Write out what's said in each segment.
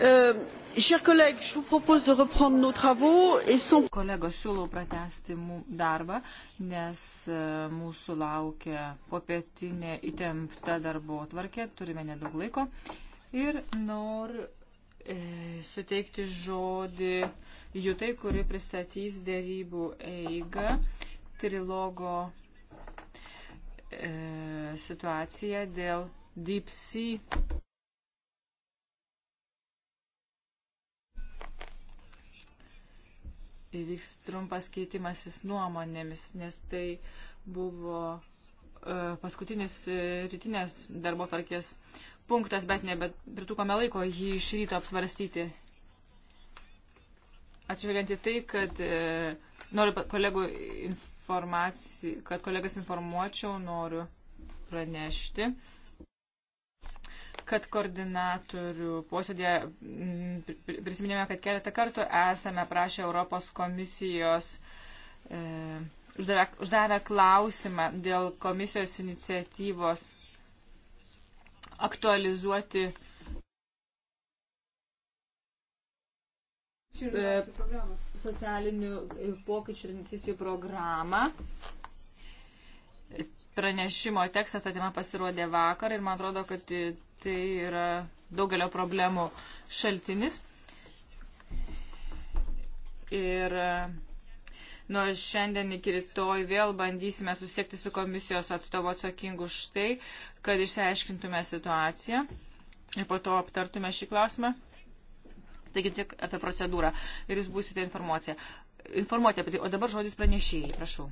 Euh, chers collègues, je vous propose de reprendre nos travaux et sans... Kolegos, siūlau pratesti darbą, nes e, mūsų laukia popietinė įtempta darbo tvarkė, turime nedaug laiko. Ir noriu e, suteikti žodį Jutai, kuri pristatys dėrybų eigą, trilogo e, situaciją dėl Deep Sea įvyks trumpas keitimasis nuomonėmis, nes tai buvo e, paskutinis e, rytinės darbo tarkės punktas, bet ne, bet pritukome laiko jį iš ryto apsvarstyti. Atsižvelgiant į tai, kad e, noriu kolegų informaciją, kad kolegas informuočiau, noriu pranešti, kad koordinatorių posėdėje prisiminėme, kad keletą kartų esame prašę Europos komisijos, e, uždavę, uždavę klausimą dėl komisijos iniciatyvos aktualizuoti e, socialinių e, pokyčių ir investicijų programą pranešimo tekstas ta tema pasirodė vakar ir man atrodo, kad tai yra daugelio problemų šaltinis. Ir e, nuo šiandien iki rytoj vėl bandysime susiekti su komisijos atstovu atsakingu už tai, kad išsiaiškintume situaciją ir po to aptartume šį klausimą. Taigi tiek apie procedūrą ir jūs būsite informuoti apie tai. O dabar žodis pranešėjai, prašau.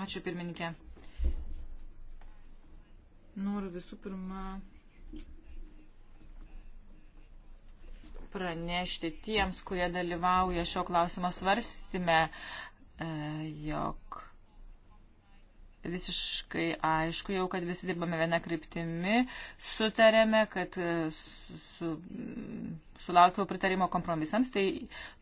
Ačiū pirmininkė. Noriu visų pirma pranešti tiems, kurie dalyvauja šio klausimo svarstymę, e, jog visiškai aišku jau, kad visi dirbame vieną kryptimį, sutarėme, kad su, sulaukiau pritarimo kompromisams, tai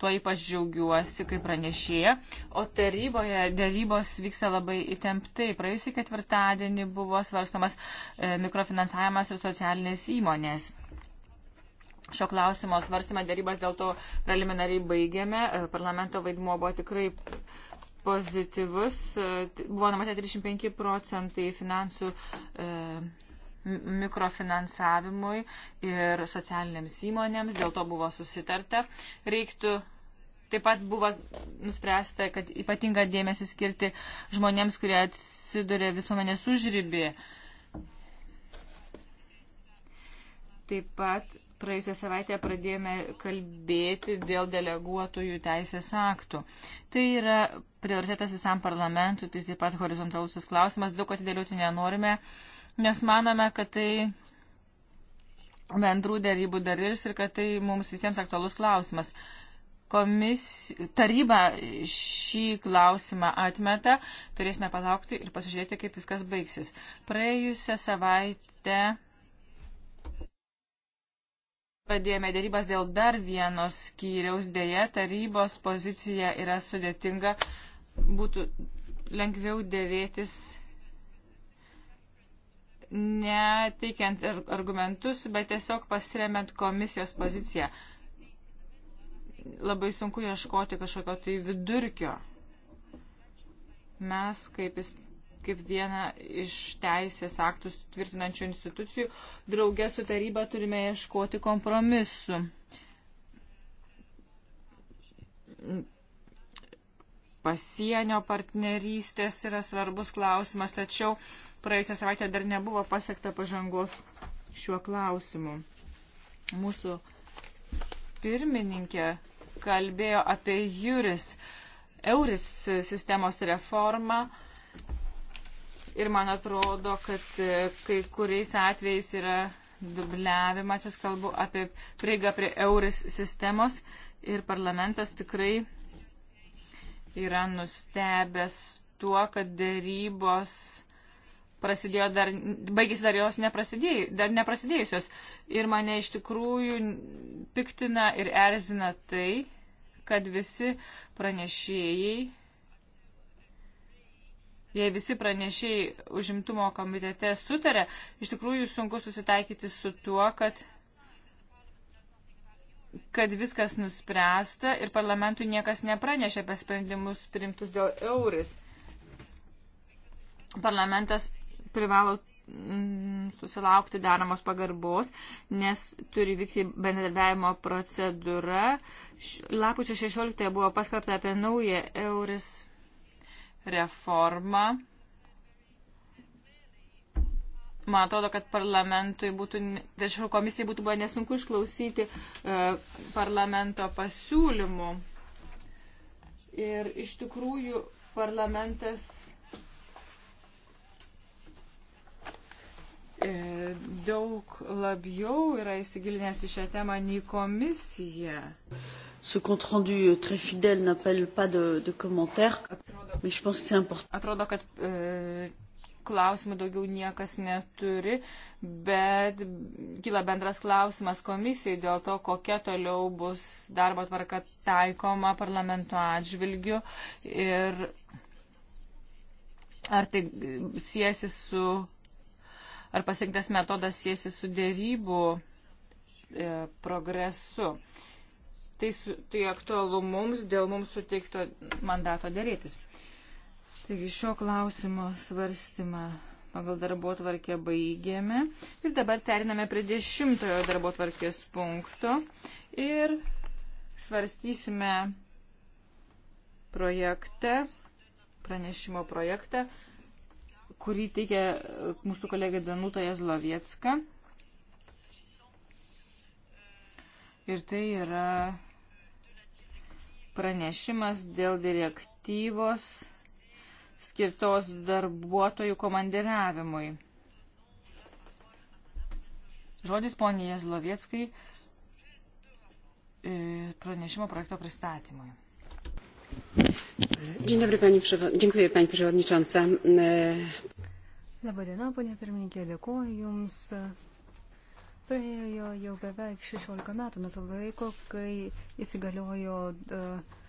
tuo ypač džiaugiuosi kaip pranešėja. O taryboje dėrybos vyksta labai įtemptai. Praėjusį ketvirtadienį buvo svarstomas e, mikrofinansavimas ir socialinės įmonės. Šio klausimo svarstymą dėrybas dėl to preliminariai baigėme. E, parlamento vaidmuo buvo tikrai pozityvus. E, buvo numatę 35 procentai finansų e, mikrofinansavimui ir socialinėms įmonėms, dėl to buvo susitarta. Reiktų Taip pat buvo nuspręsta, kad ypatinga dėmesį skirti žmonėms, kurie atsiduria visuomenės užrybį. Taip pat praėjusią savaitę pradėjome kalbėti dėl deleguotojų teisės aktų. Tai yra prioritetas visam parlamentui, tai taip pat horizontalusis klausimas, daug atidėlioti nenorime, nes manome, kad tai bendrų dėrybų dalis ir kad tai mums visiems aktualus klausimas. Komis, taryba šį klausimą atmeta, turėsime palaukti ir pasižiūrėti, kaip viskas baigsis. Praėjusią savaitę pradėjome dėrybas dėl dar vienos skyriaus, dėje tarybos pozicija yra sudėtinga būtų lengviau dėrėtis neteikiant argumentus, bet tiesiog pasiremiant komisijos poziciją. Labai sunku ieškoti kažkokio tai vidurkio. Mes, kaip, kaip viena iš teisės aktus tvirtinančių institucijų, draugė su taryba turime ieškoti kompromisu pasienio partnerystės yra svarbus klausimas, tačiau praėjusią savaitę dar nebuvo pasiekta pažangos šiuo klausimu. Mūsų pirmininkė kalbėjo apie juris, euris sistemos reformą. Ir man atrodo, kad e, kai kuriais atvejais yra dubliavimasis, kalbu apie prieigą prie euris sistemos ir parlamentas tikrai yra nustebęs tuo, kad dėrybos prasidėjo dar, baigėsi dar jos neprasidėjo, dar neprasidėjusios. Ir mane iš tikrųjų piktina ir erzina tai, kad visi pranešėjai, jei visi pranešėjai užimtumo komitete sutarė, iš tikrųjų sunku susitaikyti su tuo, kad kad viskas nuspręsta ir parlamentui niekas nepranešė apie sprendimus priimtus dėl euris. Parlamentas privalo mm, susilaukti daromos pagarbos, nes turi vykti bendradarbiavimo procedūra. Lapučio 16 buvo paskelbta apie naują euris reformą man atrodo, kad parlamentui būtų, tačiau komisijai būtų buvę nesunku išklausyti e, parlamento pasiūlymų. Ir iš tikrųjų parlamentas e, daug labiau yra įsigilinęs į šią temą nei komisija. Ce compte rendu euh, très fidèle n'appelle pas de, de commentaires, mais je pense que c'est important. Atrodo, kad, e, klausimų daugiau niekas neturi, bet kyla bendras klausimas komisijai dėl to, kokia toliau bus darbo tvarka taikoma parlamento atžvilgiu ir ar tai siesi su, ar pasirinktas metodas siesi su dėrybų e, progresu tai, su, tai aktualu mums dėl mums suteikto mandato dėrėtis. Taigi šio klausimo svarstymą pagal darbo tvarkę baigėme. Ir dabar periname prie dešimtojo darbo tvarkės punkto ir svarstysime projektą, pranešimo projektą, kurį teikia e, mūsų kolegė Danuta Jazlovietska. Ir tai yra pranešimas dėl direktyvos skirtos darbuotojų komandiriavimui. Žodis poniai Jezlovieckai e, pranešimo projekto pristatymui. Dzień dobry, pani, dziękuję Pani Przewodnicząca. E, Labadiena, ponia pirmininkė, dėkuoju Jums. Praėjo jau beveik 16 metų nuo to laiko, kai įsigaliojo uh,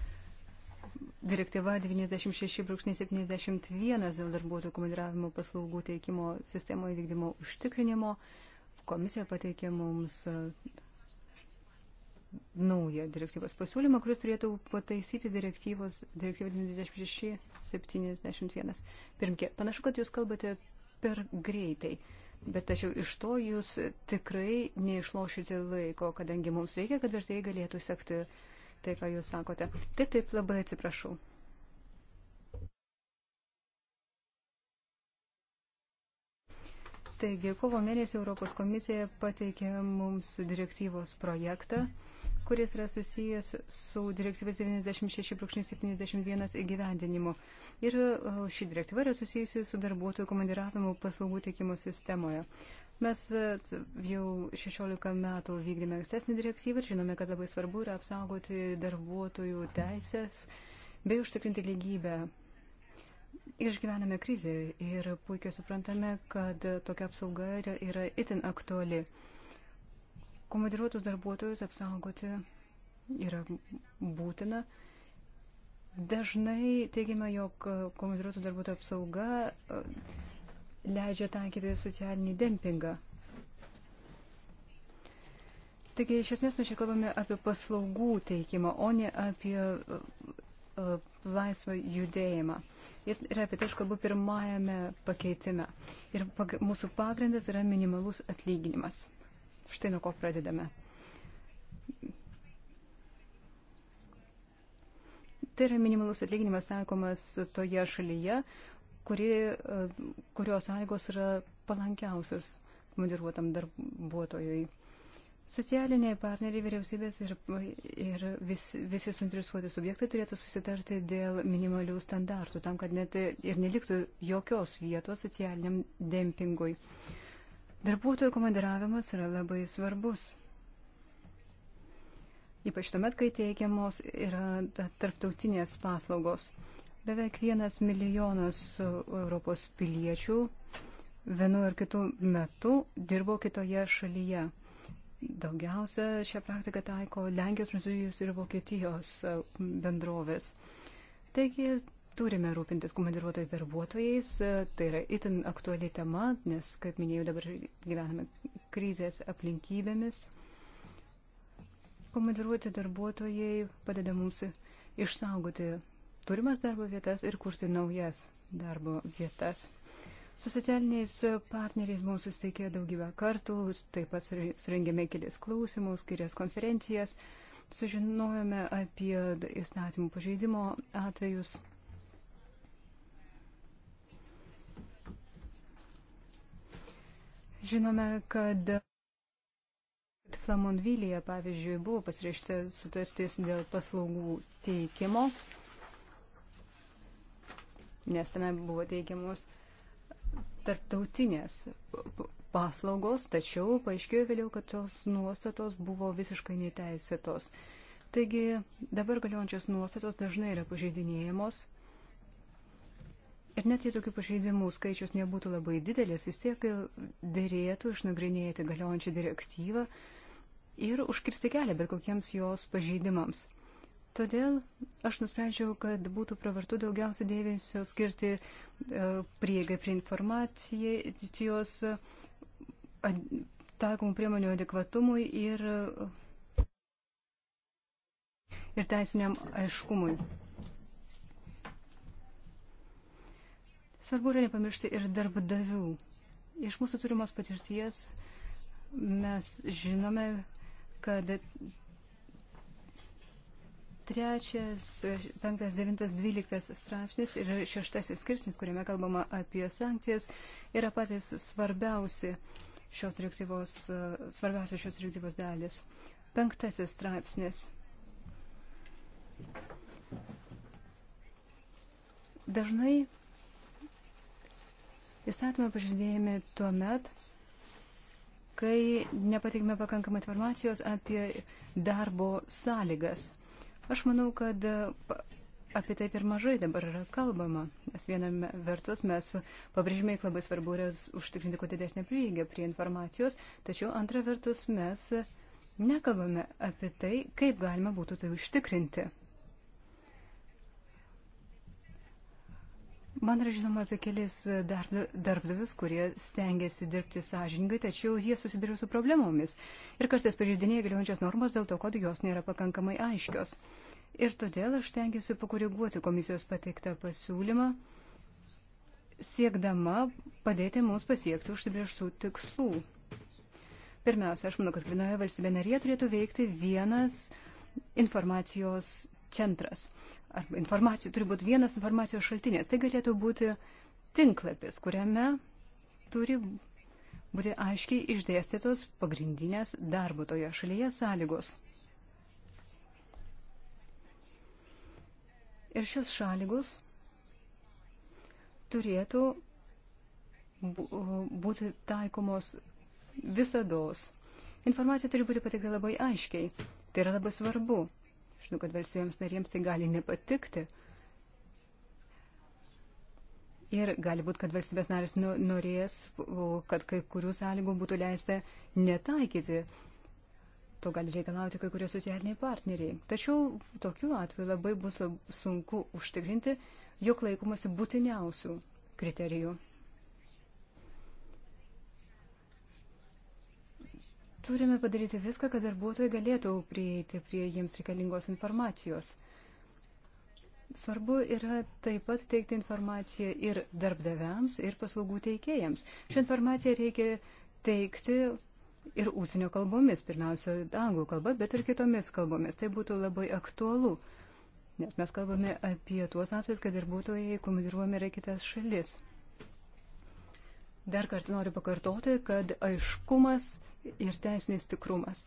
direktyva 96.71 dėl darbuotojų komandiravimo paslaugų teikimo sistemo įvykdymo užtikrinimo. Komisija pateikė mums e, naują direktyvos pasiūlymą, kuris turėtų pataisyti direktyvos direktyvą 96.71. Pirmkė, panašu, kad jūs kalbate per greitai. Bet tačiau iš to jūs tikrai neišlošite laiko, kadangi mums reikia, kad vertėjai galėtų sekti uh, tai, ką jūs sakote. Taip, taip, labai atsiprašau. Taigi, kovo mėnesį Europos komisija pateikė mums direktyvos projektą, kuris yra susijęs su direktyvos 96.71 įgyvendinimu. Ir uh, ši direktyva yra susijusi su darbuotojų komandiravimo paslaugų teikimo sistemoje. Mes e, jau 16 metų vykdėme ankstesnį direktyvą ir žinome, kad labai svarbu yra apsaugoti darbuotojų teisės bei užtikrinti lygybę. Išgyvename krizę ir puikiai suprantame, kad tokia apsauga yra, yra itin aktuali. Komandiruotus darbuotojus apsaugoti yra būtina. Dažnai teigiame, jog komandiruotų darbuotojų apsauga leidžia taikyti socialinį dempingą. Taigi, iš esmės mes čia kalbame apie paslaugų teikimą, o ne apie e, e, laisvą judėjimą. Ir apie tai aš kalbu pirmajame pakeitime. Ir pag mūsų pagrindas yra minimalus atlyginimas. Štai nuo ko pradedame. Tai yra minimalus atlyginimas taikomas toje šalyje, kuri, e, kurios sąlygos yra palankiausios komandiruotam darbuotojui. Socialiniai partneriai vyriausybės ir, ir vis, visi suinteresuoti subjektai turėtų susitarti dėl minimalių standartų, tam, kad net ir neliktų jokios vietos socialiniam dempingui. Darbuotojų komandiravimas yra labai svarbus. Ypač tuomet, kai teikiamos yra tarptautinės paslaugos. Beveik vienas milijonas e, Europos piliečių vienu ir kitu metu dirbo kitoje šalyje. Daugiausia šią praktiką taiko Lenkijos, Prancūzijos ir Vokietijos e, bendrovės. Taigi turime rūpintis komandiruotais darbuotojais. E, tai yra itin aktuali tema, nes, kaip minėjau, dabar gyvename krizės aplinkybėmis. Komandiruoti darbuotojai padeda mums išsaugoti turimas darbo vietas ir kurti naujas darbo vietas. Su socialiniais partneriais mums susitikė daugybę kartų, taip pat surengėme kelis klausimus, kelias konferencijas, sužinojome apie įstatymų pažeidimo atvejus. Žinome, kad Flamonvilyje, pavyzdžiui, buvo pasirašyta sutartis dėl paslaugų teikimo nes ten buvo teikiamos tarptautinės paslaugos, tačiau paaiškėjo vėliau, kad tos nuostatos buvo visiškai neteisėtos. Taigi dabar galiojančios nuostatos dažnai yra pažeidinėjamos. Ir net jei tokių pažeidimų skaičius nebūtų labai didelis, vis tiek dėrėtų išnagrinėti galiojančią direktyvą ir užkirsti kelią bet kokiems jos pažeidimams. Todėl aš nusprendžiau, kad būtų pravartu daugiausia dėmesio skirti e, prieigai prie informacijos, taikomų priemonių adekvatumui ir, ir teisiniam aiškumui. Svarbu yra nepamiršti ir darbdavių. Iš mūsų turimos patirties mes žinome, kad trečias, penktas, devintas, dvyliktas straipsnis ir šeštasis skirsnis, kuriame kalbama apie sankcijas, yra patys svarbiausi šios direktyvos, svarbiausios šios direktyvos dalis. Penktasis straipsnis. Dažnai įstatymą pažydėjami tuo met, kai nepateikime pakankamai informacijos apie darbo sąlygas. Aš manau, kad e, apie tai per mažai dabar yra kalbama, nes viename vertus mes pabrėžime, kad labai svarbu yra užtikrinti kuo didesnę prieigą prie informacijos, tačiau antra vertus mes nekalbame apie tai, kaip galima būtų tai užtikrinti. Man yra žinoma apie kelis darbdavius, kurie stengiasi dirbti sąžiningai, tačiau jie susiduria su problemomis ir kartais pažeidinėja galiojančias normas dėl to, kad jos nėra pakankamai aiškios. Ir todėl aš stengiuosi pakoreguoti komisijos pateiktą pasiūlymą, siekdama padėti mums pasiekti užsibrieštų tikslų. Pirmiausia, aš manau, kad kiekvienoje valstybė narėje turėtų veikti vienas informacijos centras arba informacijų, turi būti vienas informacijos šaltinis. Tai galėtų būti tinklapis, kuriame turi būti aiškiai išdėstytos pagrindinės darbo toje šalyje sąlygos. Ir šios sąlygos turėtų būti taikomos visados. Informacija turi būti pateikta labai aiškiai. Tai yra labai svarbu. Žinau, kad valstybėms narėms tai gali nepatikti. Ir gali būti, kad valstybės narės nu, norės, kad kai kurių sąlygų būtų leista netaikyti. To gali reikalauti kai kurie socialiniai partneriai. Tačiau tokiu atveju labai bus sunku užtikrinti, jog laikomasi būtiniausių kriterijų. turime padaryti viską, kad darbuotojai galėtų prieiti prie jiems reikalingos informacijos. Svarbu yra taip pat teikti informaciją ir darbdaviams, ir paslaugų teikėjams. Šią informaciją reikia teikti ir ūsinio kalbomis, pirmiausia, anglų kalba, bet ir kitomis kalbomis. Tai būtų labai aktualu, nes mes kalbame apie tuos atvejus, kad darbuotojai komandiruojami yra kitas šalis. Dar kartą noriu pakartoti, kad aiškumas ir teisinis tikrumas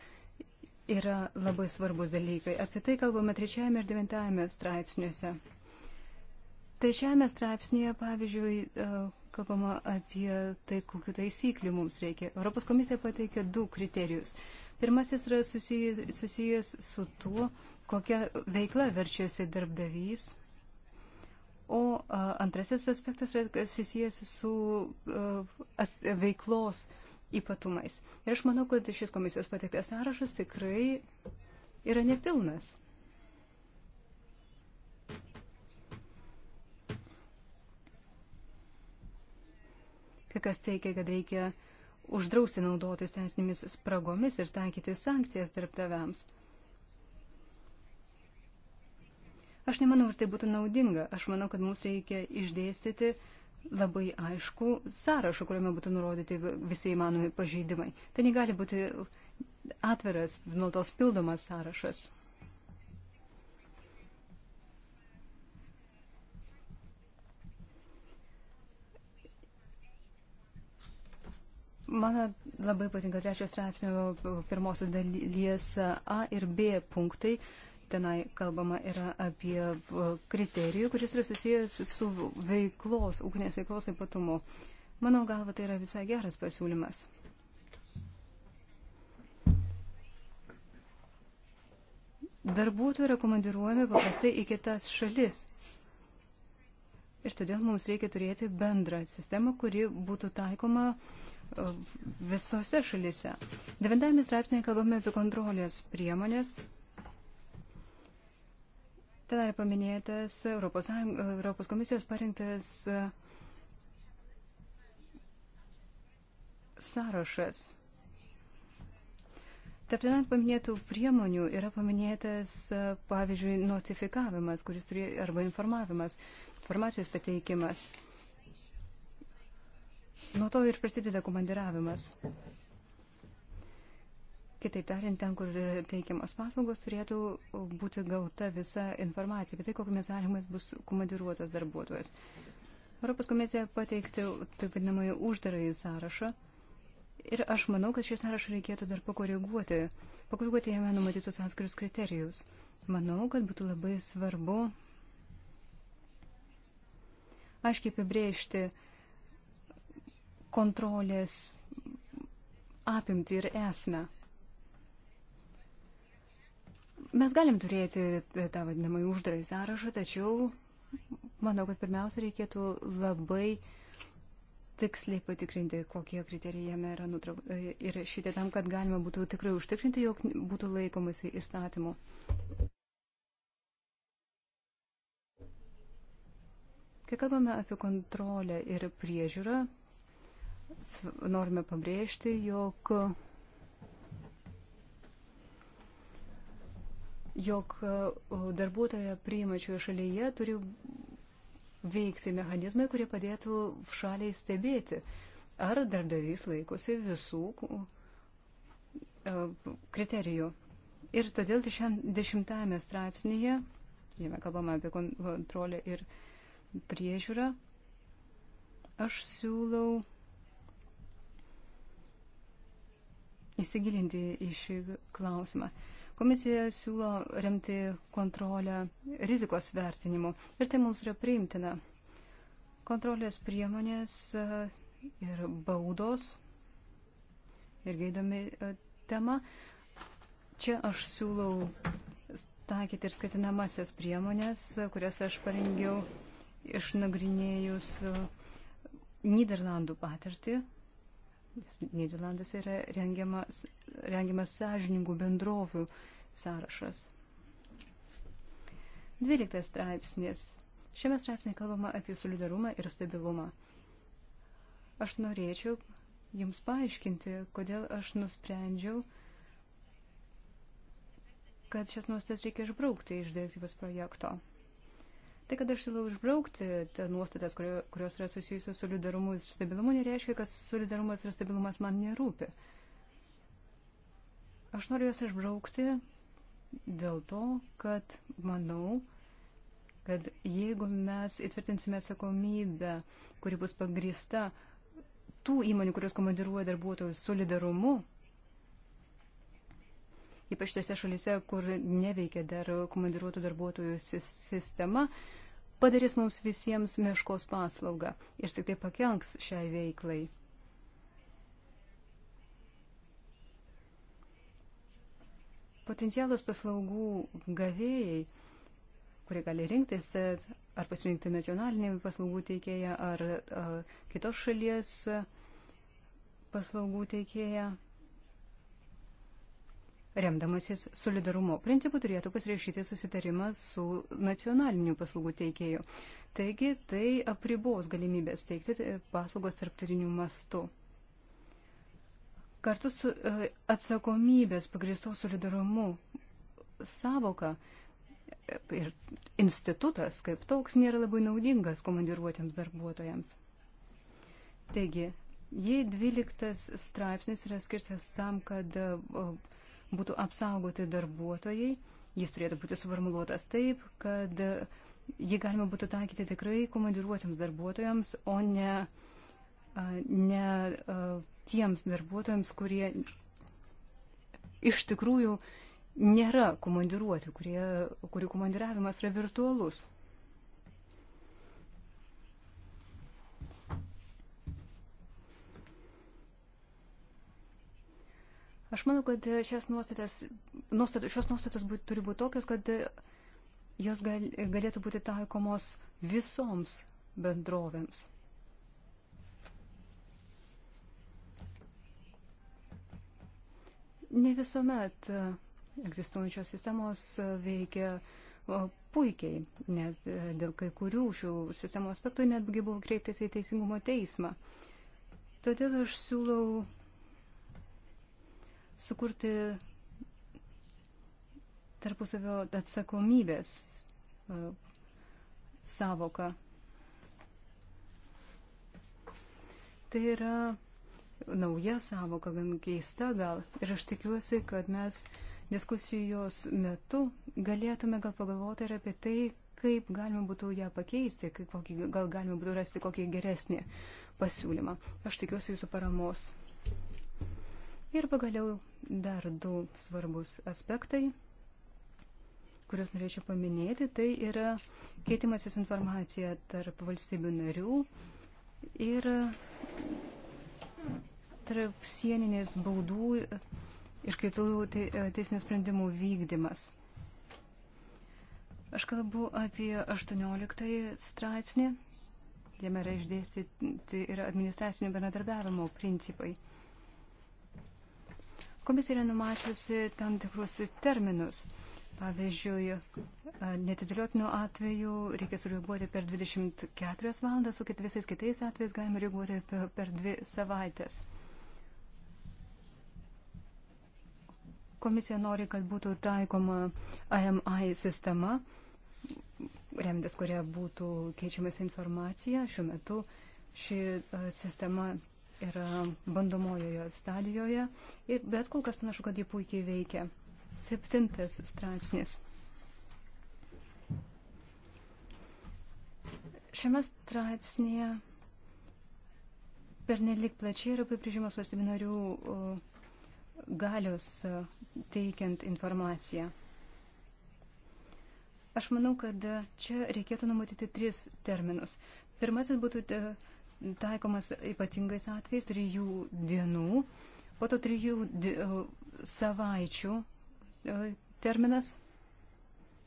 yra labai svarbus dalykai. Apie tai kalbame trečiajame ir devintajame straipsniuose. Trečiajame straipsnėje, pavyzdžiui, e, kalbama apie tai, kokiu taisykliu mums reikia. Europos komisija pateikė du kriterijus. Pirmasis yra susijęs, susijęs su tuo, kokia veikla verčiasi darbdavys O antrasis aspektas yra susijęs su veiklos ypatumais. Ir aš manau, kad šis komisijos pateiktas sąrašas tikrai yra nepilnas. Kai kas teikia, kad reikia uždrausti naudotis teisinėmis spragomis ir taikyti sankcijas darbdaviams. Aš nemanau, ar tai būtų naudinga. Aš manau, kad mums reikia išdėstyti labai aišku sąrašą, kuriame būtų nurodyti visi įmanomi pažeidimai. Tai negali būti atviras, nuolatos pildomas sąrašas. Man labai patinka trečios straipsnio pirmosios dalies A ir B punktai, tenai kalbama yra apie kriterijų, kuris yra susijęs su veiklos, ūkinės veiklos ypatumu. Mano galva, tai yra visai geras pasiūlymas. Darbuotojai yra komandiruojami paprastai į kitas šalis. Ir todėl mums reikia turėti bendrą sistemą, kuri būtų taikoma e, visose šalise. Devintame straipsnėje kalbame apie kontrolės priemonės Ten yra paminėtas Europos, Europos komisijos parinktas e, sąrašas. Tarp ten paminėtų priemonių yra paminėtas, e, pavyzdžiui, notifikavimas, kuris turi, arba informavimas, informacijos pateikimas. Nuo to ir prasideda komandiravimas. Kitaip tariant, ten, kur yra teikiamos paslaugos, turėtų būti gauta visa informacija apie tai, kokiamis sąlygomis bus komandiruotas darbuotojas. Europos komisija pateikti taip vadinamąjį uždarąjį sąrašą. Ir aš manau, kad šį sąrašą reikėtų dar pakoreguoti, pakoreguoti jame numatytus atskirius kriterijus. Manau, kad būtų labai svarbu aiškiai apibrėžti kontrolės apimti ir esmę. Mes galim turėti tą vadinamą uždarąjį sąrašą, tačiau manau, kad pirmiausia reikėtų labai tiksliai patikrinti, kokie kriterijai jame yra nutraukti ir šitie tam, kad galima būtų tikrai užtikrinti, jog būtų laikomasi įstatymų. Kai kalbame apie kontrolę ir priežiūrą, norime pabrėžti, jog jog e, darbuotoje priimačioje šalyje turi veikti mechanizmai, kurie padėtų šaliai stebėti, ar darbdavys laikosi visų e, kriterijų. Ir todėl dešimtajame straipsnėje, jame kalbama apie kontrolę ir priežiūrą, aš siūlau įsigilinti į šį klausimą. Komisija siūlo remti kontrolę rizikos vertinimu ir tai mums yra priimtina. Kontrolės priemonės e, ir baudos irgi įdomi e, tema. Čia aš siūlau taikyti ir skatinamasias priemonės, e, kurias aš parengiau išnagrinėjus Niderlandų patirtį. Niderlanduose yra rengiamas, rengiamas sąžiningų bendrovių uh, sąrašas. 12 straipsnis. Šiame straipsnėje kalbama apie solidarumą ir stabilumą. Aš norėčiau Jums paaiškinti, kodėl aš nusprendžiau, kad šias nuostatas reikia išbraukti iš direktyvos projekto. Tai, kad aš siūlau išbraukti tą nuostatas, kurio, kurios yra susijusios su solidarumu ir stabilumu, nereiškia, kad solidarumas ir stabilumas man nerūpi. Aš noriu juos išbraukti dėl to, kad manau, kad jeigu mes įtvirtinsime atsakomybę, kuri bus pagrįsta tų įmonių, kurios komandiruoja darbuotojų solidarumu, ypač tose šalise, kur neveikia dar komandiruotų darbuotojų sistema, padarys mums visiems meškos paslaugą ir tik tai pakenks šiai veiklai. potencialus paslaugų gavėjai, kurie gali rinktis ar pasirinkti nacionalinį paslaugų teikėją ar a, kitos šalies paslaugų teikėją, remdamasis solidarumo principu turėtų pasirašyti susitarimą su nacionaliniu paslaugų teikėju. Taigi tai apribos galimybės teikti e, paslaugos tarptautiniu mastu kartu su e, atsakomybės pagristų solidarumu savoka e, ir institutas kaip toks nėra labai naudingas komandiruotėms darbuotojams. Taigi, jei 12 straipsnis yra skirtas tam, kad e, būtų apsaugoti darbuotojai, jis turėtų būti suformuluotas taip, kad jį galima būtų taikyti tikrai komandiruotėms darbuotojams, o ne, ne tiems darbuotojams, kurie iš tikrųjų nėra komandiruoti, kurie, kurių komandiravimas yra virtualus. Aš manau, kad šias nuostatas, nuostat, šios nuostatos būt, turi būti tokios, kad jos gal, galėtų būti taikomos visoms bendrovėms. Ne visuomet e, egzistuojančios sistemos e, veikia puikiai, nes e, dėl kai kurių šių sistemų aspektų netgi buvo kreiptis į Teisingumo teismą. Todėl aš siūlau sukurti tarpusavio atsakomybės savoką. Tai yra nauja savoka, gan keista gal. Ir aš tikiuosi, kad mes diskusijos metu galėtume gal pagalvoti ir apie tai, kaip galima būtų ją pakeisti, kokį, gal galima būtų rasti kokį geresnį pasiūlymą. Aš tikiuosi jūsų paramos. Ir pagaliau dar du svarbus aspektai, kuriuos norėčiau paminėti, tai yra keitimasis informacija tarp valstybių narių ir tarp sieninės baudų ir kitų e, teisinių sprendimų vykdymas. Aš kalbu apie 18 straipsnį. Jame yra išdėstyti ir administracinio bendradarbiavimo principai. Komisija yra numačiusi tam tikrus terminus. Pavyzdžiui, e, netidėliotinių atvejų reikia sureaguoti per 24 valandas, o kit visais kitais atvejais galima reaguoti per 2 savaitės. Komisija nori, kad būtų taikoma IMI sistema, remdės kuria būtų keičiamas informacija. Šiuo metu ši sistema yra bandomojoje stadijoje, bet kol kas panašu, kad ji puikiai veikia. Septintas straipsnis. Šiame straipsnėje pernelik plačiai yra apibrėžimas valstybinarių galios e, teikiant informaciją. Aš manau, kad e, čia reikėtų numatyti tris terminus. Pirmasis būtų e, taikomas ypatingais atvejais trijų dienų, po to trijų di savaičių terminas,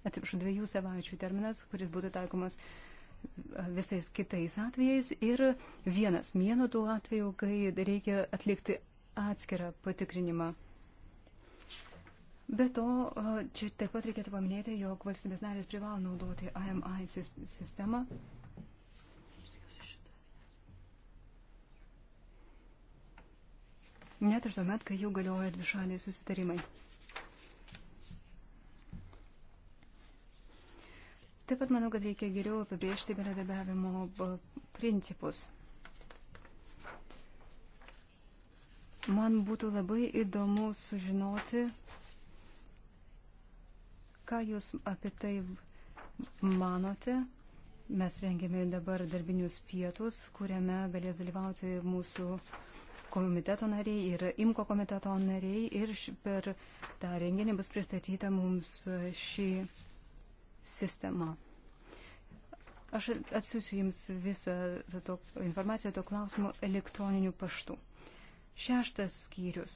atsiprašau, dviejų savaičių terminas, kuris būtų taikomas visais kitais atvejais ir vienas mėnuo tų atvejų, kai reikia atlikti atskirą patikrinimą. Be to, čia taip pat reikėtų paminėti, jog valstybės narės privalo naudoti IMI sistemą. Net ir tuomet, kai jau galioja dvišaliai susitarimai. Taip pat manau, kad reikia geriau apibriežti bendradarbiavimo principus. Man būtų labai įdomu sužinoti, ką Jūs apie tai manote. Mes rengėme dabar darbinius pietus, kuriame galės dalyvauti mūsų komiteto nariai ir IMKO komiteto nariai. Ir per tą renginį bus pristatyta mums ši sistema. Aš atsiųsiu Jums visą informaciją to klausimu elektroniniu paštu. Šeštas skyrius.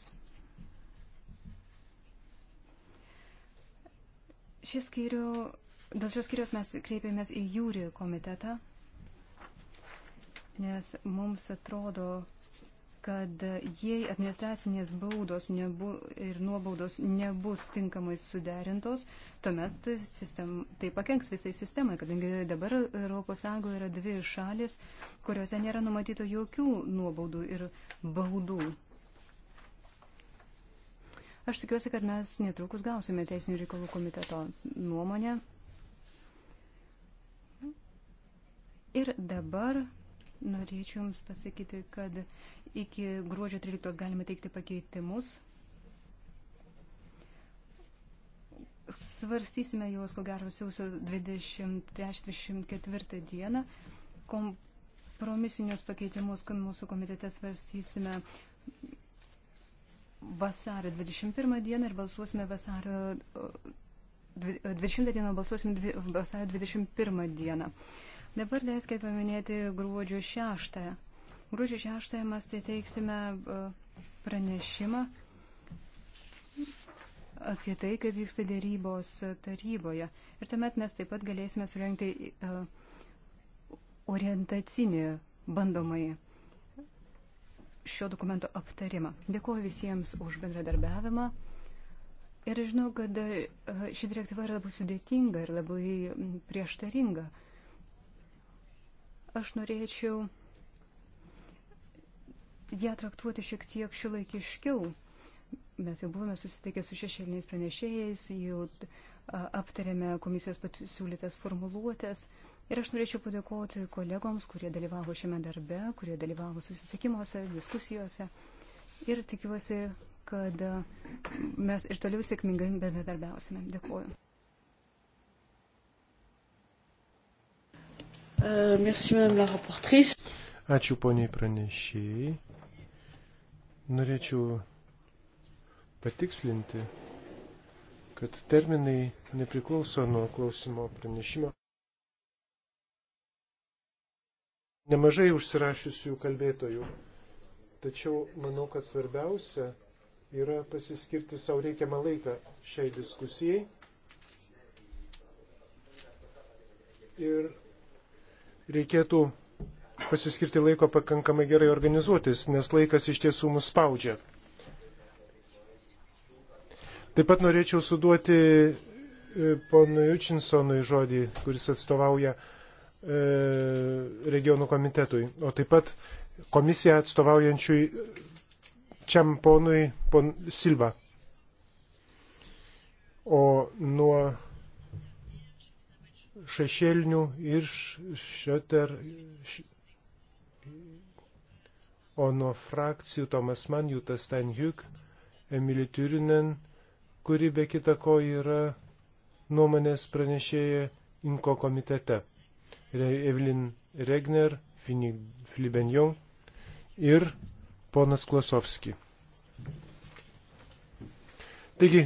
Šis skyrių, dėl šios skyrius mes kreipėmės į jūrį komitetą, nes mums atrodo, kad jei administracinės baudos nebu, ir nuobaudos nebus tinkamai suderintos, tuomet sistem, tai pakenks visai sistemai, kadangi dabar ES yra dvi šalis, kuriuose nėra numatyta jokių nuobaudų ir baudų. Aš tikiuosi, kad mes netrukus gausime Teisinių reikalų komiteto nuomonę. Ir dabar Norėčiau Jums pasakyti, kad iki gruodžio 13 galime teikti pakeitimus. Svarstysime juos, ko gero, sausio 23-24 dieną. Kompromisinius pakeitimus mūsų komitete svarstysime vasario 21 dieną ir balsuosime vasario 20 dieną, balsuosime vasario 21 dieną. Dabar leiskite paminėti gruodžio 6. Gruodžio 6 mes tai teiksime e, pranešimą apie tai, kaip vyksta dėrybos taryboje. Ir tuomet mes taip pat galėsime surenkti e, orientacinį bandomąjį šio dokumento aptarimą. Dėkuoju visiems už bendradarbiavimą. Ir žinau, kad e, ši direktyva yra labai sudėtinga ir labai prieštaringa. Aš norėčiau ją traktuoti šiek tiek šilaikiškiau. Mes jau buvome susitikę su šešėliniais pranešėjais, jau aptarėme komisijos pasiūlytas formuluotės. Ir aš norėčiau padėkoti kolegoms, kurie dalyvavo šiame darbe, kurie dalyvavo susitikimuose, diskusijose. Ir tikiuosi, kad mes ir toliau sėkmingai bendradarbiausime. Dėkuoju. Euh, merci, madame la rapportrice. Ačiū poniai pranešėjai. Norėčiau patikslinti, kad terminai nepriklauso nuo klausimo pranešimo. Nemažai užsirašysių kalbėtojų, tačiau manau, kad svarbiausia yra pasiskirti savo reikiamą laiką šiai diskusijai. Ir reikėtų pasiskirti laiko pakankamai gerai organizuotis, nes laikas iš tiesų mus spaudžia. Taip pat norėčiau suduoti e, ponui Učinsonui žodį, kuris atstovauja e, regionų komitetui, o taip pat komisiją atstovaujančiui čiam ponui pon Silva. O nuo šešėlinių iš Šioter, š... o nuo frakcijų Tomas Mann, Jutas Steinhuk, Emily Tyrinen, kuri be kita ko yra nuomonės pranešėja Inko komitete. Evelyn Regner, Filibenjau ir ponas Klasovski. Taigi,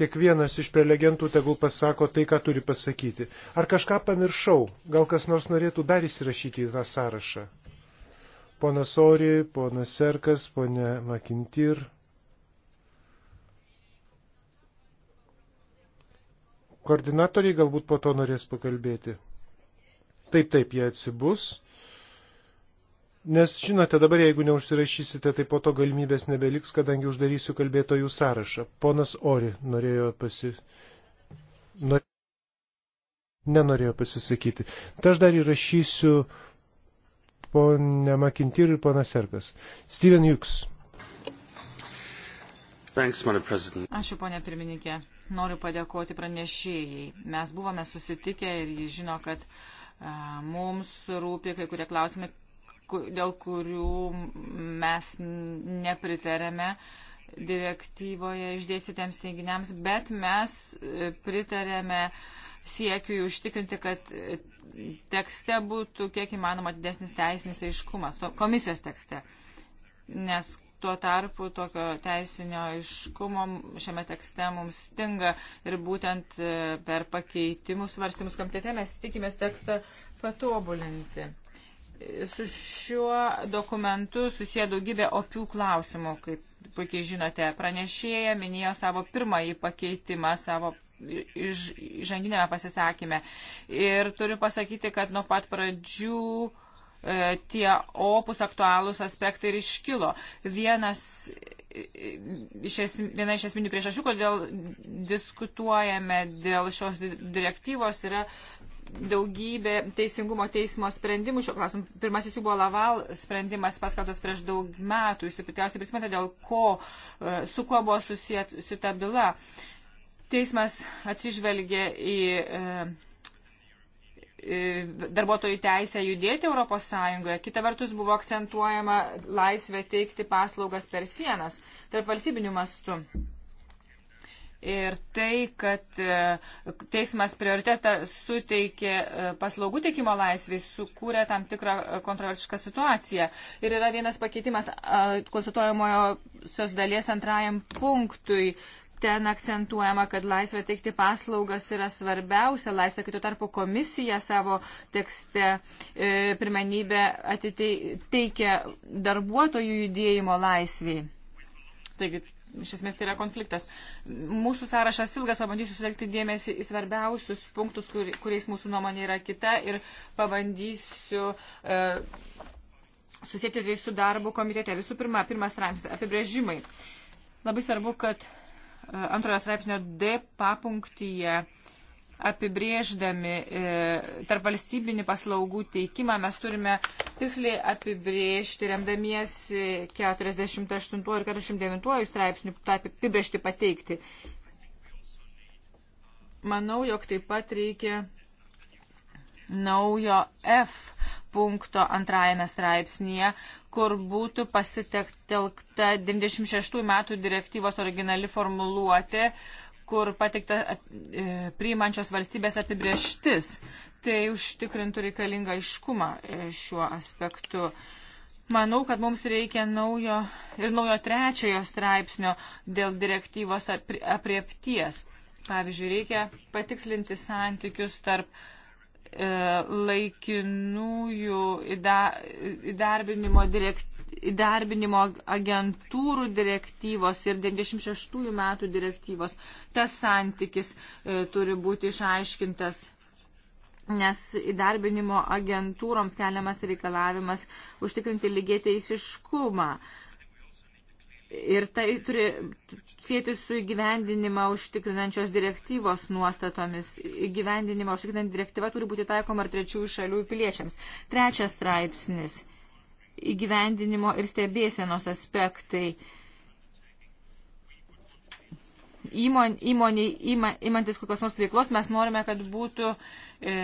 Kiekvienas iš prelegentų tegul pasako tai, ką turi pasakyti. Ar kažką pamiršau? Gal kas nors norėtų dar įsirašyti į tą sąrašą? Pona Sori, pona Serkas, pone Makintyr. Koordinatoriai galbūt po to norės pakalbėti. Taip, taip, jie atsibus Nes žinote, dabar jeigu neužsirašysite, tai po to galimybės nebeliks, kadangi uždarysiu kalbėtojų sąrašą. Ponas Ori norėjo pasi... Nor... Nenorėjo pasisakyti. Tai aš dar įrašysiu ponę Makintyr ir poną Serkas. Steven Juks. Ačiū, ponė pirmininkė. Noriu padėkoti pranešėjai. Mes buvome susitikę ir jis žino, kad uh, mums rūpi kai kurie klausimai, dėl kurių mes nepritarėme direktyvoje išdėsitėms teiginiams, bet mes e, pritarėme siekiui užtikrinti, kad e, tekste būtų kiek įmanoma didesnis teisinis aiškumas, komisijos tekste. Nes tuo tarpu tokio teisinio aiškumo šiame tekste mums stinga ir būtent e, per pakeitimus svarstymus komitete mes tikimės tekstą patobulinti su šiuo dokumentu susiję daugybė opių klausimų, kaip puikiai žinote. Pranešėja minėjo savo pirmąjį pakeitimą, savo žanginėme pasisakymę. Ir turiu pasakyti, kad nuo pat pradžių e, tie opus aktualūs aspektai ir iškilo. Vienas, e, iš es, viena iš esminių priežasčių, kodėl diskutuojame dėl šios direktyvos, yra daugybė teisingumo teismo sprendimų šio klausimu. Pirmasis jų buvo Laval sprendimas paskaltas prieš daug metų. Jūs tikriausiai prisimate, dėl ko, e, su kuo buvo susijęta byla. Teismas atsižvelgė e, į darbuotojų teisę judėti Europos Sąjungoje. Kita vertus buvo akcentuojama laisvė teikti paslaugas per sienas tarp valstybinių mastų ir tai, kad e, teismas prioritetą suteikė e, paslaugų teikimo laisvai, sukūrė tam tikrą kontroversišką situaciją. Ir yra vienas pakeitimas e, konsultuojamojosios dalies antrajam punktui. Ten akcentuojama, kad laisvė teikti paslaugas yra svarbiausia laisvė, kitų tarpu komisija savo tekste e, pirmenybę atitei, teikia darbuotojų judėjimo laisviai. Taigi iš esmės tai yra konfliktas. Mūsų sąrašas ilgas, pabandysiu sutelkti dėmesį į svarbiausius punktus, kur, kuriais mūsų nuomonė yra kita ir pabandysiu e, susėti tai su darbu komitete. Visų pirma, pirmas straipsnis - apibrėžimai. Labai svarbu, kad e, antrojo straipsnio D papunktyje. E, apibrėždami e, tarp valstybinį paslaugų teikimą, mes turime tiksliai apibrėžti, remdamiesi 48 ir 49 straipsnių, tą apibrėžti pateikti. Manau, jog taip pat reikia naujo F punkto antrajame straipsnėje, kur būtų pasitelkta 96 metų direktyvos originali formuluoti, kur patikta e, priimančios valstybės apibrieštis. Tai užtikrintų reikalingą iškumą e, šiuo aspektu. Manau, kad mums reikia naujo ir naujo trečiojo straipsnio dėl direktyvos apriepties. Pavyzdžiui, reikia patikslinti santykius tarp e, laikinųjų įda, įdarbinimo direkt, įdarbinimo agentūrų direktyvos ir 96 metų direktyvos. Tas santykis e, turi būti išaiškintas, nes įdarbinimo agentūroms keliamas reikalavimas užtikrinti lygiai teisiškumą. Ir tai turi sėti su įgyvendinimą užtikrinančios direktyvos nuostatomis. Įgyvendinimą užtikrinant direktyvą turi būti taikoma ir trečiųjų šalių piliečiams. Trečias straipsnis įgyvendinimo ir stebėsenos aspektai. Įmon, įmoniai ima, imantis kokios nors veiklos mes norime, kad būtų e,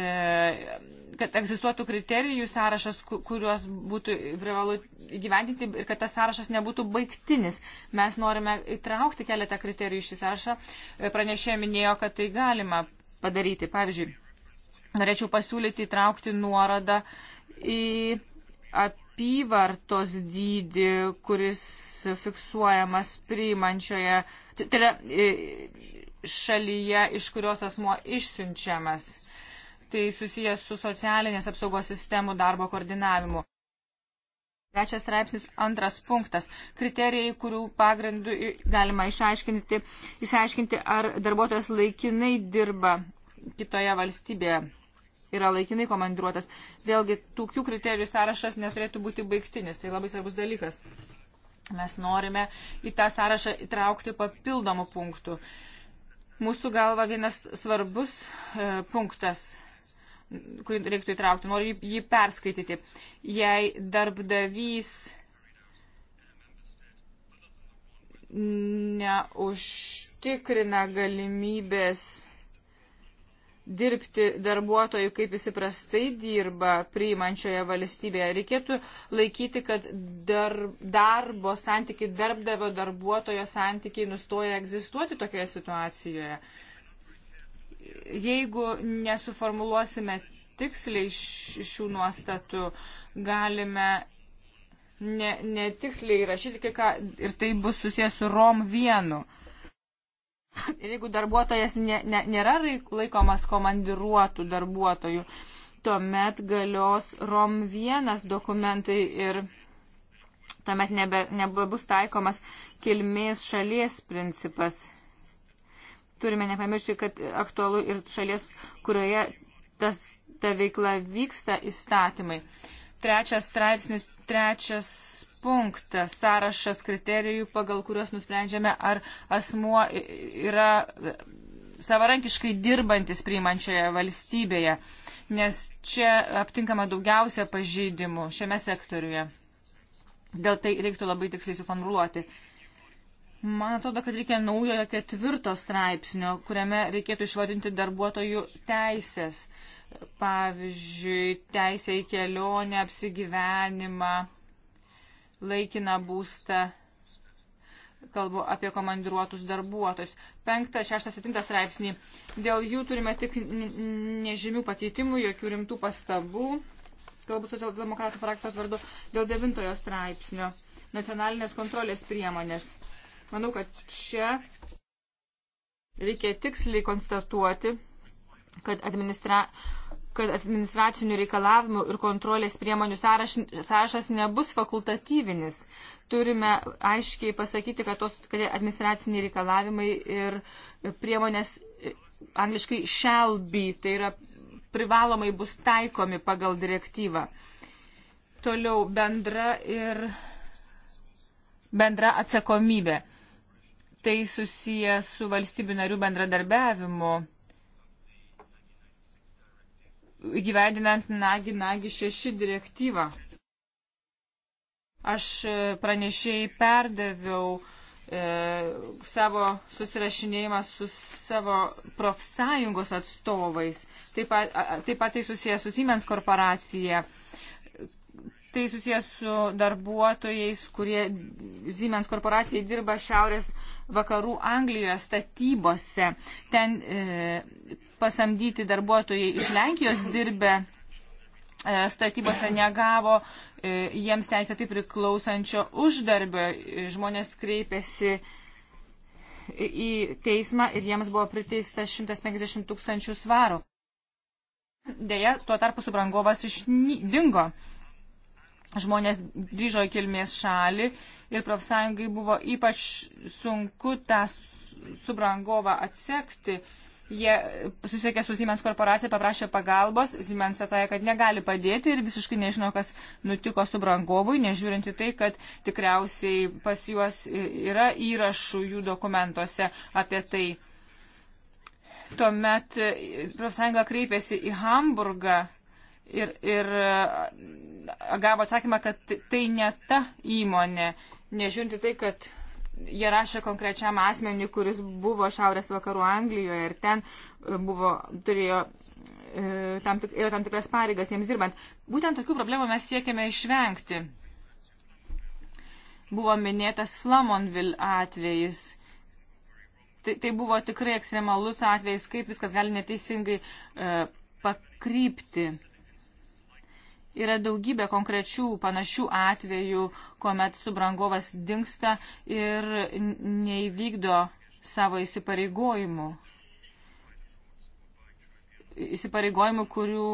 kad egzistuotų kriterijų sąrašas, kuriuos būtų privalu įgyvendinti ir kad tas sąrašas nebūtų baigtinis. Mes norime įtraukti keletą kriterijų šį sąrašą. E, pranešė minėjo, kad tai galima padaryti. Pavyzdžiui, norėčiau pasiūlyti įtraukti nuorodą į apie apyvartos dydį, kuris fiksuojamas priimančioje, tai yra e, šalyje, iš kurios asmo išsiunčiamas. Tai susijęs su socialinės apsaugos sistemų darbo koordinavimu. Trečias straipsnis, antras punktas. Kriterijai, kurių pagrindų galima išaiškinti, išaiškinti ar darbuotojas laikinai dirba kitoje valstybėje yra laikinai komandiruotas. Vėlgi, tokių kriterijų sąrašas neturėtų būti baigtinis, tai labai svarbus dalykas. Mes norime į tą sąrašą įtraukti papildomų punktų. Mūsų galva vienas svarbus e, punktas, kurį reiktų įtraukti, noriu jį perskaityti. Jei darbdavys neužtikrina galimybės dirbti darbuotojų, kaip jis įprastai dirba priimančioje valstybėje. Reikėtų laikyti, kad dar, darbo santykiai, darbdavio darbuotojo santykiai nustoja egzistuoti tokioje situacijoje. Jeigu nesuformuluosime tiksliai šių nuostatų, galime netiksliai ne, ne įrašyti, kai ką ir tai bus susijęs su ROM vienu. Ir jeigu darbuotojas ne, ne, nėra laikomas komandiruotų darbuotojų, tuomet galios ROM 1 dokumentai ir tuomet nebe, nebebus taikomas kilmės šalies principas. Turime nepamiršti, kad aktualu ir šalies, kurioje tas, ta veikla vyksta įstatymai. Trečias straipsnis, trečias punktas, sąrašas kriterijų, pagal kuriuos nusprendžiame, ar asmuo yra e, savarankiškai dirbantis priimančioje valstybėje, nes čia aptinkama daugiausia pažeidimų šiame sektoriuje. Dėl tai reiktų labai tiksliai suformuluoti. Man atrodo, kad reikia naujojo ketvirto straipsnio, kuriame reikėtų išvardinti darbuotojų teisės. Pavyzdžiui, teisė į kelionę, apsigyvenimą, laikiną būstą. Kalbu apie komandiruotus darbuotojus. Penktas, šeštas, septintas straipsnį. Dėl jų turime tik nežymių pakeitimų, jokių rimtų pastabų. Kalbu socialdemokratų frakcijos vardu dėl devintojo straipsnio. Nacionalinės kontrolės priemonės. Manau, kad čia reikia tiksliai konstatuoti, kad administra kad administracinių reikalavimų ir kontrolės priemonių sąrašas nebus fakultatyvinis. Turime aiškiai pasakyti, kad, tos, kad administraciniai reikalavimai ir priemonės e, angliškai shall be, tai yra privalomai bus taikomi pagal direktyvą. Toliau bendra ir bendra atsakomybė. Tai susiję su valstybių narių bendradarbiavimu įgyvendinant Nagi Nagi 6 direktyvą. Aš e, pranešėjai perdaviau e, savo susirašinėjimą su savo profsąjungos atstovais. Taip pat, a, taip pat tai susijęs su Siemens korporacija. Tai susijęs su darbuotojais, kurie Siemens korporacijai dirba Šiaurės vakarų Anglijoje statybose. Ten e, pasamdyti darbuotojai iš Lenkijos dirbę e, statybose negavo e, jiems teisėtai priklausančio uždarbio. E, žmonės kreipėsi į teismą ir jiems buvo priteistas 150 tūkstančių svarų. Deja, tuo tarpu subrangovas išdingo. Žmonės grįžo į kilmės šalį ir profsąjungai buvo ypač sunku tą subrangovą atsekti Jie susisiekė su Siemens korporacija, paprašė pagalbos, Siemens atsakė, kad negali padėti ir visiškai nežino, kas nutiko su brangovui, nežiūrinti tai, kad tikriausiai pas juos yra įrašų jų dokumentuose apie tai. Tuomet e, profsąjunga kreipėsi į Hamburgą ir, ir e, gavo atsakymą, kad tai ne ta įmonė, nežiūrinti tai, kad jie rašė konkrečiam asmenį, kuris buvo šiaurės vakarų Anglijoje ir ten e, buvo, turėjo e, tam, tik, tam tikras pareigas jiems dirbant. Būtent tokių problemų mes siekėme išvengti. Buvo minėtas Flamonville atvejis. Tai, tai buvo tikrai ekstremalus atvejis, kaip viskas gali neteisingai e, pakrypti. Yra daugybė konkrečių panašių atvejų, kuomet subrangovas dinksta ir neįvykdo savo įsipareigojimų. Įsipareigojimų, kurių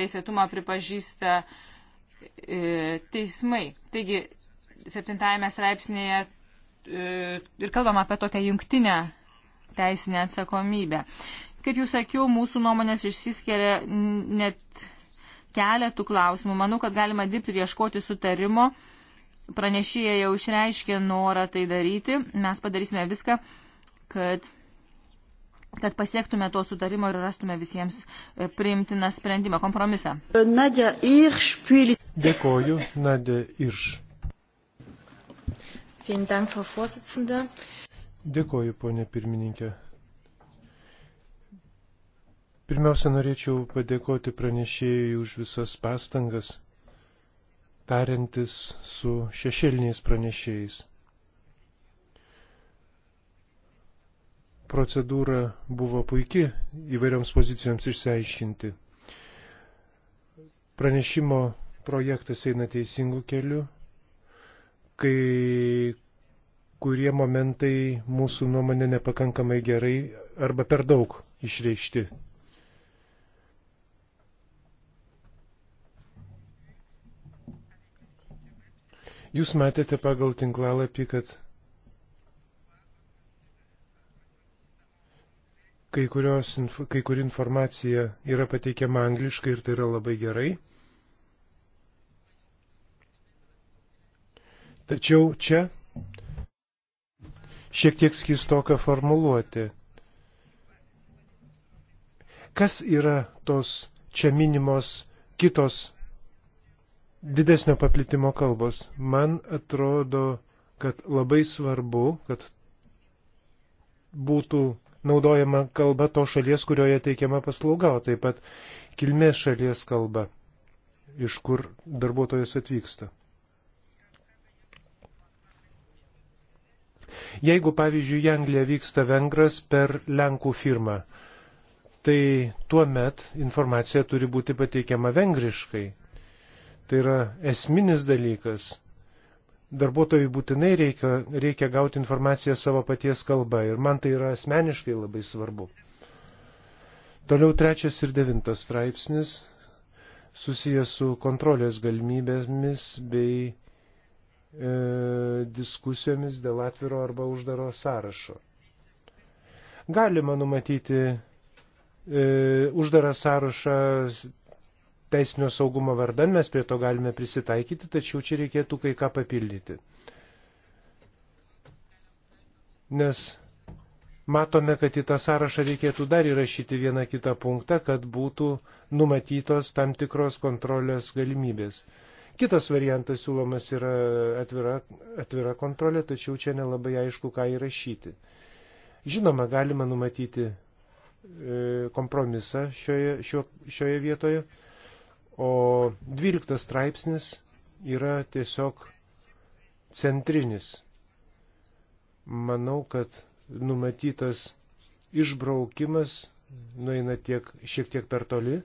teisėtumą pripažįsta e, teismai. Taigi, septintajame straipsnėje e, ir kalbam apie tokią jungtinę teisinę atsakomybę. Kaip jūs sakiau, mūsų nuomonės išsiskiria net keletų klausimų. Manau, kad galima dirbti ir ieškoti sutarimo. Pranešėja jau išreiškė norą tai daryti. Mes padarysime viską, kad, kad pasiektume to sutarimo ir rastume visiems e, priimtiną sprendimą, kompromisą. Nadia Irš, Filip. Dėkoju, Nadia Irš. Vielen Dank, Frau Vorsitzende. Dėkoju, ponė pirmininkė. Pirmiausia, norėčiau padėkoti pranešėjai už visas pastangas, tariantis su šešėliniais pranešėjais. Procedūra buvo puikia įvairioms pozicijoms išsiaiškinti. Pranešimo projektas eina teisingų kelių, kai kurie momentai mūsų nuomonė nepakankamai gerai arba per daug išreikšti Jūs matėte pagal tinklalapį, kad kai, kurios, kai kuri informacija yra pateikiama angliškai ir tai yra labai gerai. Tačiau čia šiek tiek skistoka formuluoti. Kas yra tos čia minimos kitos didesnio paplitimo kalbos. Man atrodo, kad labai svarbu, kad būtų naudojama kalba to šalies, kurioje teikiama paslauga, o taip pat kilmės šalies kalba, iš kur darbuotojas atvyksta. Jeigu, pavyzdžiui, į Angliją vyksta vengras per Lenkų firmą, tai tuo met informacija turi būti pateikiama vengriškai, Tai yra esminis dalykas. Darbuotojui būtinai reikia, reikia gauti informaciją savo paties kalba ir man tai yra asmeniškai labai svarbu. Toliau trečias ir devintas straipsnis susijęs su kontrolės galimybėmis bei e, diskusijomis dėl atviro arba uždaro sąrašo. Galima numatyti e, uždarą sąrašą teisinio saugumo vardan mes prie to galime prisitaikyti, tačiau čia reikėtų kai ką papildyti. Nes matome, kad į tą sąrašą reikėtų dar įrašyti vieną kitą punktą, kad būtų numatytos tam tikros kontrolės galimybės. Kitas variantas siūlomas yra atvira, atvira kontrolė, tačiau čia nelabai aišku, ką įrašyti. Žinoma, galima numatyti e, kompromisą šioje, šio, šioje vietoje, O 12 straipsnis yra tiesiog centrinis. Manau, kad numatytas išbraukimas nueina tiek, šiek tiek per toli.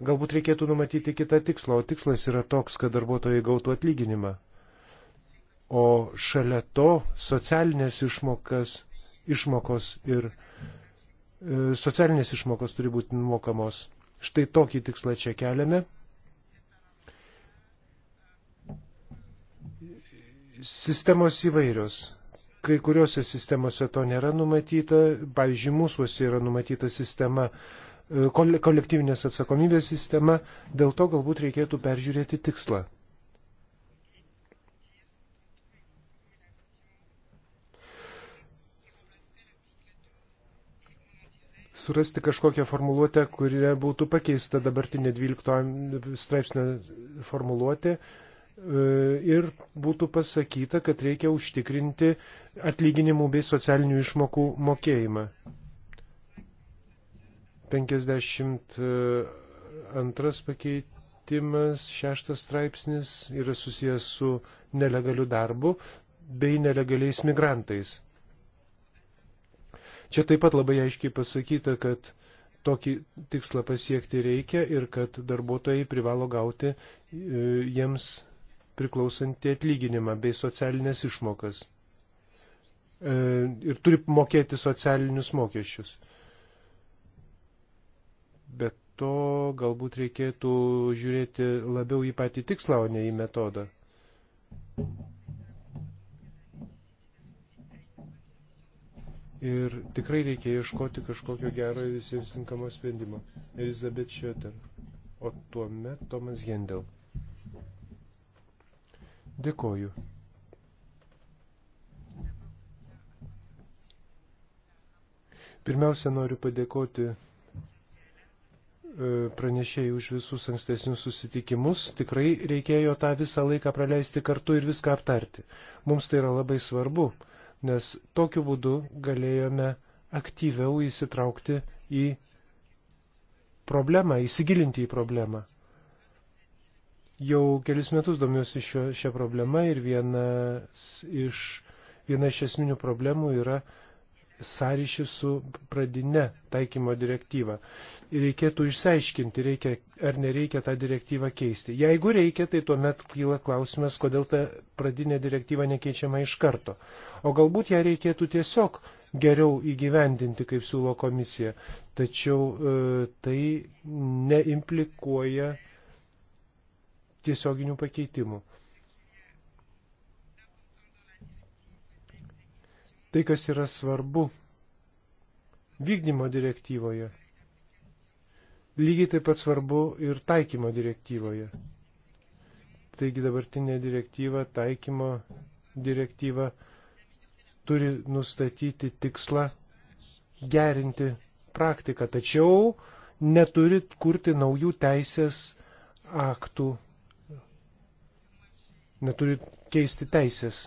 Galbūt reikėtų numatyti kitą tikslą, o tikslas yra toks, kad darbuotojai gautų atlyginimą. O šalia to socialinės išmokas, išmokos ir e, socialinės išmokos turi būti mokamos Štai tokį tikslą čia keliame. Sistemos įvairios. Kai kuriuose sistemose to nėra numatyta. Pavyzdžiui, mūsųse yra numatyta sistema, e, kolektyvinės atsakomybės sistema. Dėl to galbūt reikėtų peržiūrėti tikslą. surasti kažkokią formuluotę, kurie būtų pakeista dabartinė 12 straipsnio formuluotė e, ir būtų pasakyta, kad reikia užtikrinti atlyginimų bei socialinių išmokų mokėjimą. 52 e, pakeitimas, 6 straipsnis yra susijęs su nelegaliu darbu bei nelegaliais migrantais. Čia taip pat labai aiškiai pasakyta, kad tokį tikslą pasiekti reikia ir kad darbuotojai privalo gauti e, jiems priklausantį atlyginimą bei socialinės išmokas. E, ir turi mokėti socialinius mokesčius. Bet to galbūt reikėtų žiūrėti labiau į patį tikslą, o ne į metodą. Ir tikrai reikia ieškoti kažkokio gero ir visiems tinkamo sprendimo. Elizabeth Schroeder. O tuomet Tomas Gendel. Dėkoju. Pirmiausia, noriu padėkoti e, pranešėjai už visus ankstesnius susitikimus. Tikrai reikėjo tą visą laiką praleisti kartu ir viską aptarti. Mums tai yra labai svarbu nes tokiu būdu galėjome aktyviau įsitraukti į problemą, įsigilinti į problemą. Jau kelis metus domiuosi šio, šią problemą ir vienas iš, viena iš esminių problemų yra sąryšį su pradinė taikymo direktyva. Ir reikėtų išsiaiškinti, reikia, ar nereikia tą direktyvą keisti. Jeigu reikia, tai tuomet kyla klausimas, kodėl ta pradinė direktyva nekeičiama iš karto. O galbūt ją reikėtų tiesiog geriau įgyvendinti, kaip siūlo komisija. Tačiau e, tai neimplikuoja tiesioginių pakeitimų. Tai, kas yra svarbu vykdymo direktyvoje, lygiai taip pat svarbu ir taikymo direktyvoje. Taigi dabartinė direktyva, taikymo direktyva turi nustatyti tikslą gerinti praktiką, tačiau neturi kurti naujų teisės aktų, neturi keisti teisės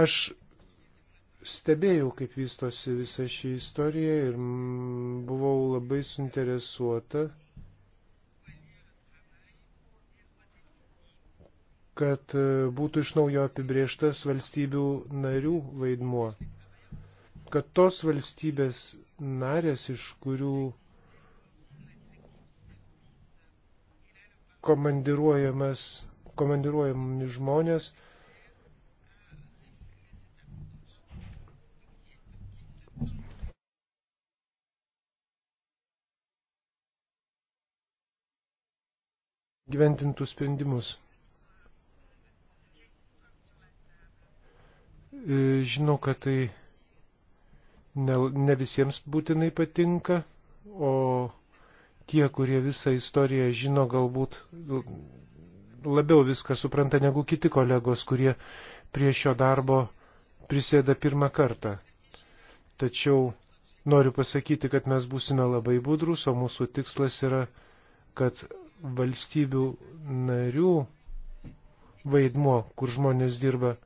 Aš stebėjau, kaip vystosi visa ši istorija ir buvau labai suinteresuota, kad e, būtų iš naujo apibrieštas valstybių narių vaidmuo, kad tos valstybės narės, iš kurių komandiruojamas, komandiruojami žmonės, gyventintų sprendimus. E, žinau, kad tai ne, ne visiems būtinai patinka, o tie, kurie visą istoriją žino, galbūt labiau viską supranta negu kiti kolegos, kurie prie šio darbo prisėda pirmą kartą. Tačiau noriu pasakyti, kad mes būsime labai budrus, o mūsų tikslas yra, kad valstybių narių vaidmuo, kur žmonės dirba, e,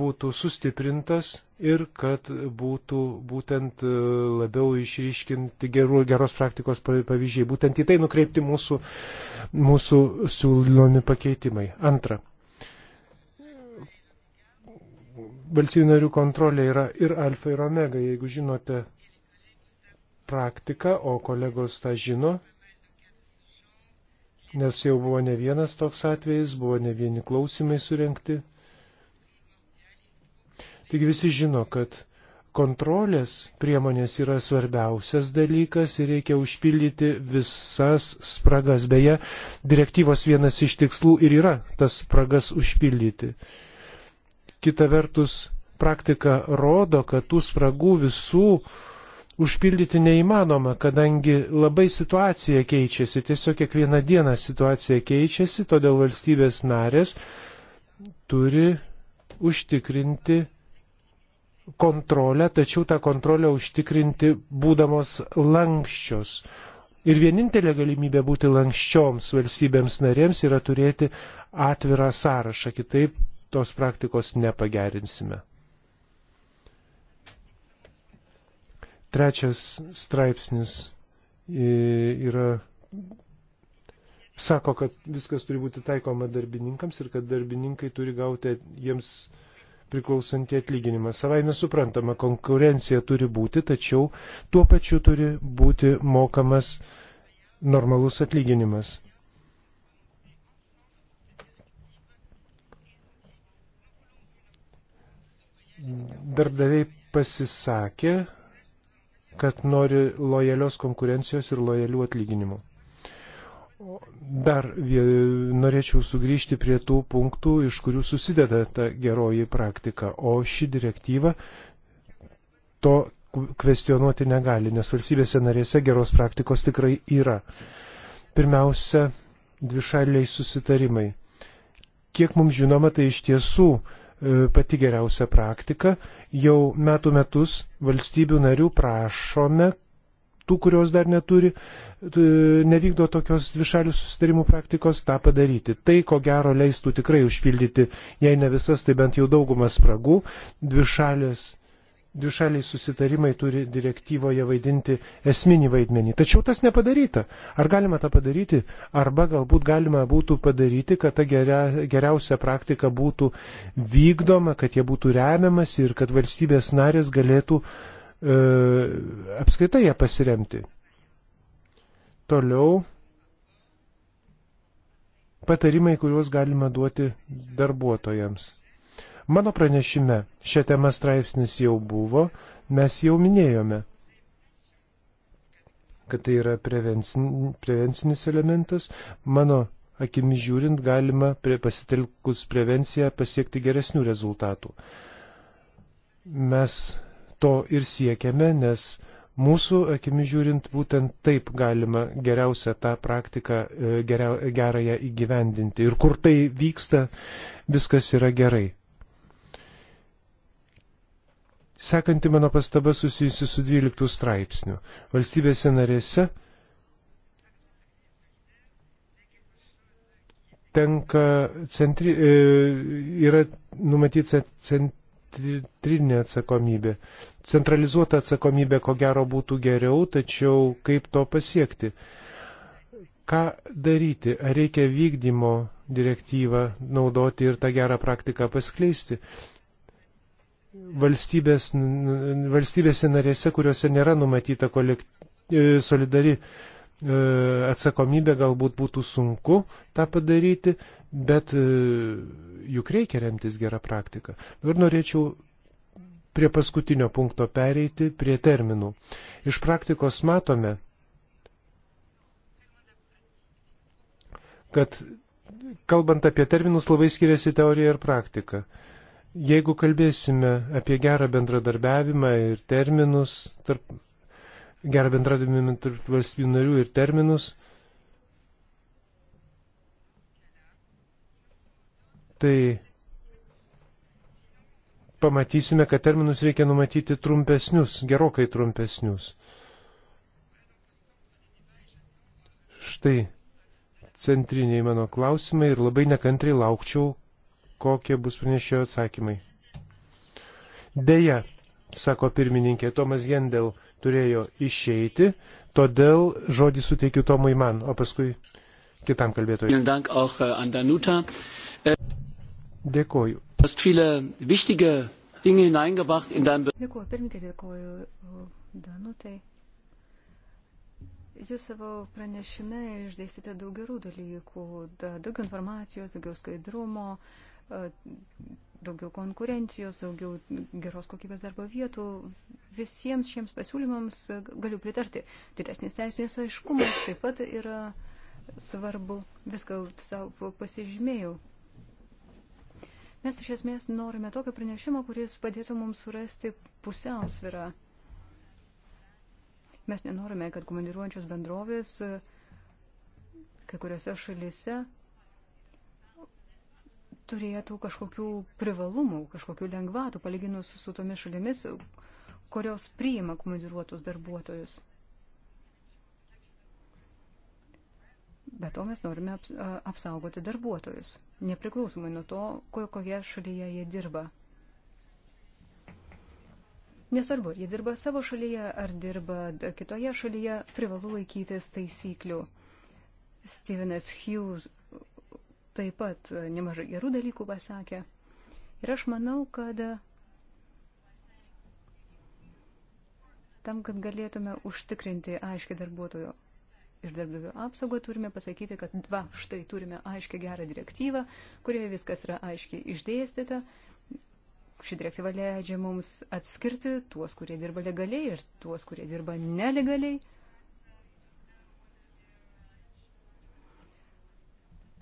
būtų sustiprintas ir kad būtų būtent e, labiau išryškinti gerų, geros praktikos pavyzdžiai. Būtent į tai nukreipti mūsų, mūsų siūlomi pakeitimai. Antra. Valstybių narių kontrolė yra ir alfa, ir omega. Jeigu žinote praktiką, o kolegos tą žino, nes jau buvo ne vienas toks atvejis, buvo ne vieni klausimai surenkti. Taigi visi žino, kad kontrolės priemonės yra svarbiausias dalykas ir reikia užpildyti visas spragas. Beje, direktyvos vienas iš tikslų ir yra tas spragas užpildyti. Kita vertus, praktika rodo, kad tų spragų visų uh, užpildyti neįmanoma, kadangi labai situacija keičiasi, tiesiog kiekvieną dieną situacija keičiasi, todėl valstybės narės turi užtikrinti kontrolę, tačiau tą kontrolę užtikrinti būdamos lankščios. Ir vienintelė galimybė būti lankščioms valstybėms narėms yra turėti atvirą sąrašą, kitaip tos praktikos nepagerinsime. Trečias straipsnis e, yra, sako, kad viskas turi būti taikoma darbininkams ir kad darbininkai turi gauti jiems priklausantį atlyginimą. Savai nesuprantama, konkurencija turi būti, tačiau tuo pačiu turi būti mokamas normalus atlyginimas. Darbdaviai pasisakė kad nori lojalios konkurencijos ir lojalių atlyginimų. Dar norėčiau sugrįžti prie tų punktų, iš kurių susideda ta geroji praktika, o ši direktyva to kvestionuoti negali, nes valstybėse narėse geros praktikos tikrai yra. Pirmiausia, dvišaliai susitarimai. Kiek mums žinoma, tai iš tiesų E, pati geriausia praktika. Jau metų metus valstybių narių prašome, tų, kurios dar neturi, nevykdo tokios dvišalių susitarimų praktikos, tą padaryti. Tai, ko gero, leistų tikrai užpildyti, jei ne visas, tai bent jau daugumas spragų. Dvišalės Dvišaliai susitarimai turi direktyvoje vaidinti esminį vaidmenį. Tačiau tas nepadaryta. Ar galima tą padaryti? Arba galbūt galima būtų padaryti, kad ta geria, geriausia praktika būtų vykdoma, kad jie būtų remiamas ir kad valstybės narės galėtų e, apskaitai ją pasiremti. Toliau patarimai, kuriuos galima duoti darbuotojams. Mano pranešime šią temą straipsnis jau buvo, mes jau minėjome, kad tai yra prevencin, prevencinis elementas. Mano akimi žiūrint, galima pre, pasitelkus prevenciją pasiekti geresnių rezultatų. Mes to ir siekiame, nes mūsų akimi žiūrint, būtent taip galima geriausią tą praktiką, e, geria, gerąją įgyvendinti. Ir kur tai vyksta, viskas yra gerai. Sekanti mano pastaba susijusi su 12 straipsniu. Valstybėse narėse tenka centri, e, yra numatyta centrinė atsakomybė. Centralizuota atsakomybė ko gero būtų geriau, tačiau kaip to pasiekti? Ką daryti? Ar reikia vykdymo direktyvą naudoti ir tą gerą praktiką paskleisti? valstybės, valstybėse narėse, kuriuose nėra numatyta kolekt, e, solidari e, atsakomybė, galbūt būtų sunku tą padaryti, bet e, juk reikia remtis gerą praktiką. Dabar norėčiau prie paskutinio punkto pereiti, prie terminų. Iš praktikos matome, kad kalbant apie terminus labai skiriasi teorija ir praktika. E, Jeigu kalbėsime apie gerą bendradarbiavimą ir terminus, tarp, gerą bendradarbiavimą tarp valstybių narių ir terminus, tai pamatysime, kad terminus reikia numatyti trumpesnius, gerokai trumpesnius. Štai centriniai mano klausimai ir labai nekantriai laukčiau, kokie bus pranešėjo atsakymai. Deja, sako pirmininkė, Tomas Gendel turėjo išeiti, todėl žodį suteikiu Tomui man, o paskui kitam kalbėtojui. Äh, äh, Dėkoju. Dėkuoju, pirmininkė, dėkuoju Danutai. Jūs savo pranešime išdėstėte daug gerų dalykų, daugiau informacijos, daugiau skaidrumo, uh, daugiau konkurencijos, daugiau geros kokybės darbo vietų. Visiems šiems pasiūlymams galiu pritarti. Didesnis teisinės aiškumas taip pat yra svarbu. Viską savo pasižymėjau. Mes iš esmės norime tokio pranešimo, kuris padėtų mums surasti pusiausvirą. Mes nenorime, kad komandiruojančios bendrovės kai kuriuose šalise turėtų kažkokių privalumų, kažkokių lengvatų palyginus su tomis šalimis, kurios priima komandiruotus darbuotojus. Be to mes norime apsaugoti darbuotojus, nepriklausomai nuo to, kokie šalyje jie dirba. Nesvarbu, jie dirba savo šalyje ar dirba kitoje šalyje, privalu laikytis taisyklių. Stevenas Hughes taip pat nemažai gerų dalykų pasakė. Ir aš manau, kad tam, kad galėtume užtikrinti aiškiai darbuotojų ir darbdavių apsaugą, turime pasakyti, kad va, štai turime aiškiai gerą direktyvą, kurioje viskas yra aiškiai išdėstyta. Ši direktyva leidžia mums atskirti tuos, kurie dirba legaliai ir tuos, kurie dirba nelegaliai.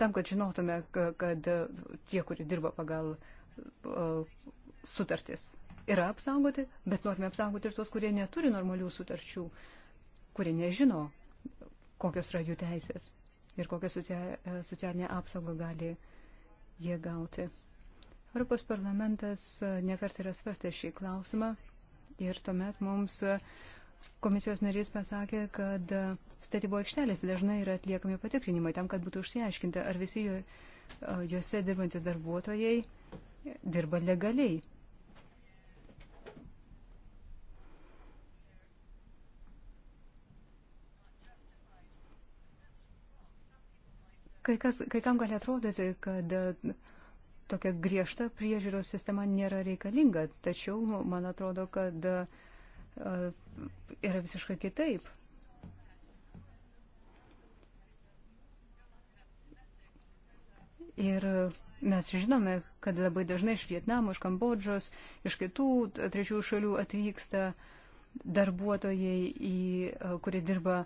tam, kad žinotume, kad e, tie, kurie dirba pagal e, sutartis, yra apsaugoti, bet norime apsaugoti ir tuos, kurie neturi normalių sutarčių, kurie nežino, kokios yra jų teisės ir kokią e, socialinę apsaugą gali jie gauti. Europos parlamentas nekart yra svarstęs šį klausimą ir tuomet mums uh, Komisijos narys pasakė, kad statybų aikštelėse dažnai yra atliekami patikrinimai tam, kad būtų užsiaiškinta, ar visi juose dirbantis darbuotojai dirba legaliai. Kai, kas, kai kam gali atrodyti, kad tokia griežta priežiūros sistema nėra reikalinga, tačiau man atrodo, kad uh, yra visiškai kitaip. Ir mes žinome, kad labai dažnai iš Vietnamo, iš Kambodžos, iš kitų trečių šalių atvyksta darbuotojai, į, kurie dirba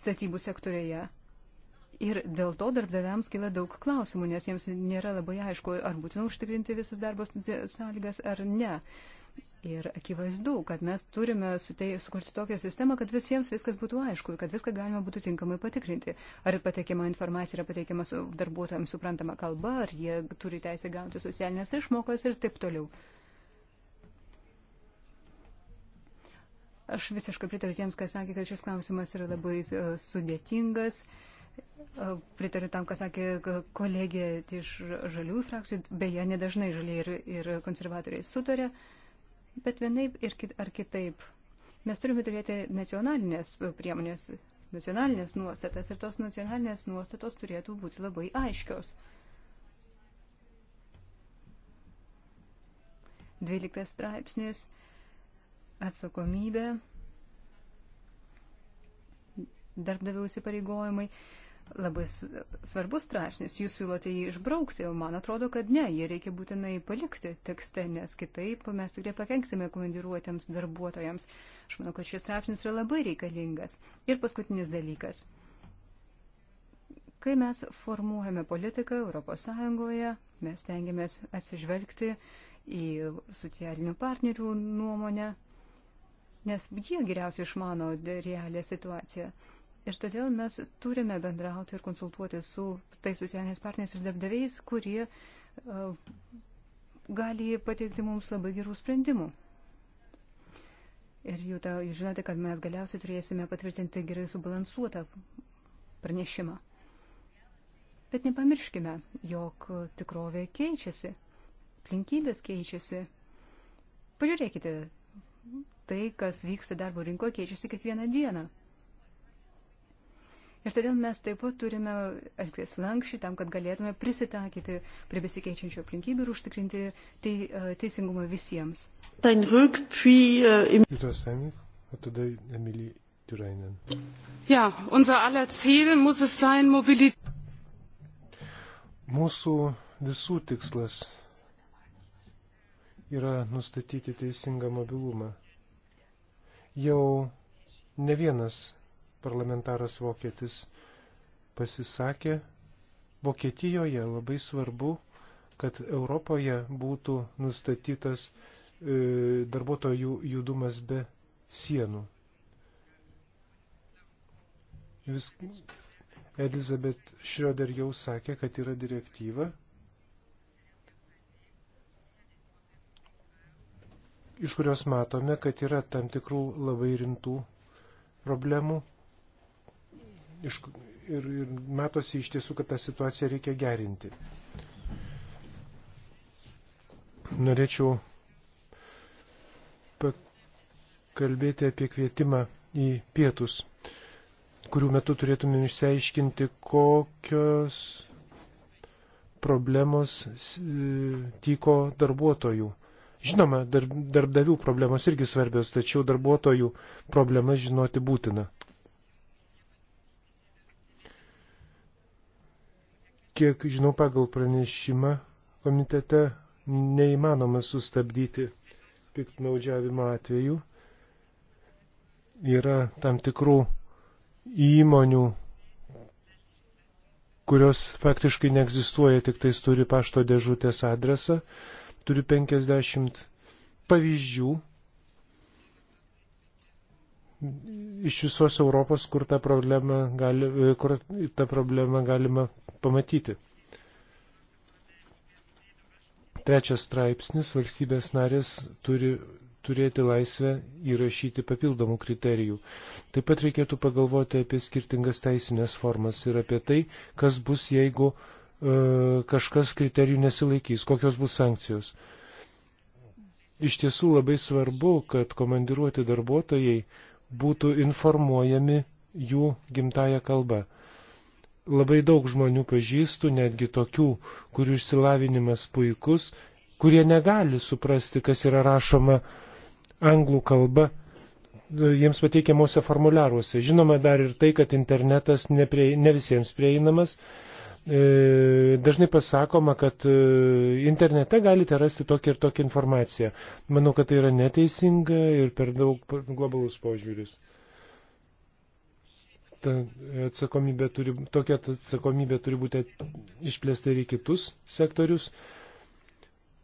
statybų sektorėje. Ir dėl to darbdaviams kyla daug klausimų, nes jiems nėra labai aišku, ar būtina užtikrinti visas darbos sąlygas ar ne. Uh, Ir akivaizdu, kad mes turime sutei, sukurti tokią sistemą, kad visiems viskas būtų aišku ir kad viską galima būtų tinkamai patikrinti. Ar pateikiama informacija yra pateikiama su darbuotojams suprantama kalba, ar jie turi teisę gauti socialinės išmokas ir taip toliau. Aš visiškai pritariu tiems, kas sakė, kad šis klausimas yra labai e, sudėtingas. E, pritariu tam, ką sakė kolegė iš žaliųjų frakcijų, beje, nedažnai žaliai ir, ir konservatoriai sutarė. Uh, Bet vienaip ir kit, ar kitaip mes turime turėti nacionalinės priemonės, nacionalinės nuostatas ir tos nacionalinės nuostatos turėtų būti labai aiškios. 12 straipsnis atsakomybė, darbdavių įsipareigojimai labai svarbus straipsnis. Jūs siūlote jį išbraukti, o man atrodo, kad ne, jį reikia būtinai palikti tekste, nes kitaip mes tikrai pakenksime komandiruotėms darbuotojams. Aš manau, kad šis straipsnis yra labai reikalingas. Ir paskutinis dalykas. Kai mes formuojame politiką ES, mes tengiamės atsižvelgti į socialinių partnerių nuomonę, nes jie geriausiai išmano realią situaciją. Ir todėl mes turime bendrauti ir konsultuoti su tais socialiniais partneriais ir darbdaviais, kurie uh, gali pateikti mums labai gerų sprendimų. Ir jų ta, jūs žinote, kad mes galiausiai turėsime patvirtinti gerai subalansuotą pranešimą. Bet nepamirškime, jog tikrovė keičiasi, aplinkybės keičiasi. Pažiūrėkite, tai, kas vyksta darbo rinkoje, keičiasi kiekvieną dieną. Ir todėl mes taip pat turime elgtis lankščiai tam, kad galėtume prisitakyti prie besikeičiančių aplinkybių ir užtikrinti tei, e, teisingumą visiems. Euh, ja, unser aller Ziel muss es sein, Mobilität. Mūsų visų tikslas yra nustatyti teisingą mobilumą. Jau ne vienas parlamentaras vokietis pasisakė, Vokietijoje labai svarbu, kad Europoje būtų nustatytas e, darbuotojų judumas be sienų. Vis... Elizabeth Schroeder jau sakė, kad yra direktyva, iš kurios matome, kad yra tam tikrų labai rimtų problemų iš, ir, ir matosi iš tiesų, kad tą situaciją reikia gerinti. Norėčiau pakalbėti apie kvietimą į pietus, kurių metu turėtumėm išsiaiškinti, kokios problemos tyko darbuotojų. Žinoma, darb, darbdavių problemos irgi svarbios, tačiau darbuotojų problemas žinoti būtina. Kiek žinau, pagal pranešimą komitete neįmanoma sustabdyti piktnaudžiavimo atveju. Yra tam tikrų įmonių, kurios faktiškai neegzistuoja, tik tais turi pašto dėžutės adresą. Turiu 50 pavyzdžių iš visos Europos, kur tą problemą, gali, kur tą problemą galima pamatyti. Trečias straipsnis - valstybės narės turi turėti laisvę įrašyti papildomų kriterijų. Taip pat reikėtų pagalvoti apie skirtingas teisinės formas ir apie tai, kas bus, jeigu e, kažkas kriterijų nesilaikys, kokios bus sankcijos. Iš tiesų labai svarbu, kad komandiruoti darbuotojai būtų informuojami jų gimtają kalbą labai daug žmonių pažįstu, netgi tokių, kurių išsilavinimas puikus, kurie negali suprasti, kas yra rašoma anglų kalba e, jiems pateikiamuose formularuose. Žinoma dar ir tai, kad internetas neprie, ne visiems prieinamas. E, dažnai pasakoma, kad e, internete galite rasti tokią ir tokią informaciją. Manau, kad tai yra neteisinga ir per daug globalus požiūris ta atsakomybė turi, tokia atsakomybė turi būti išplėsta ir į kitus sektorius.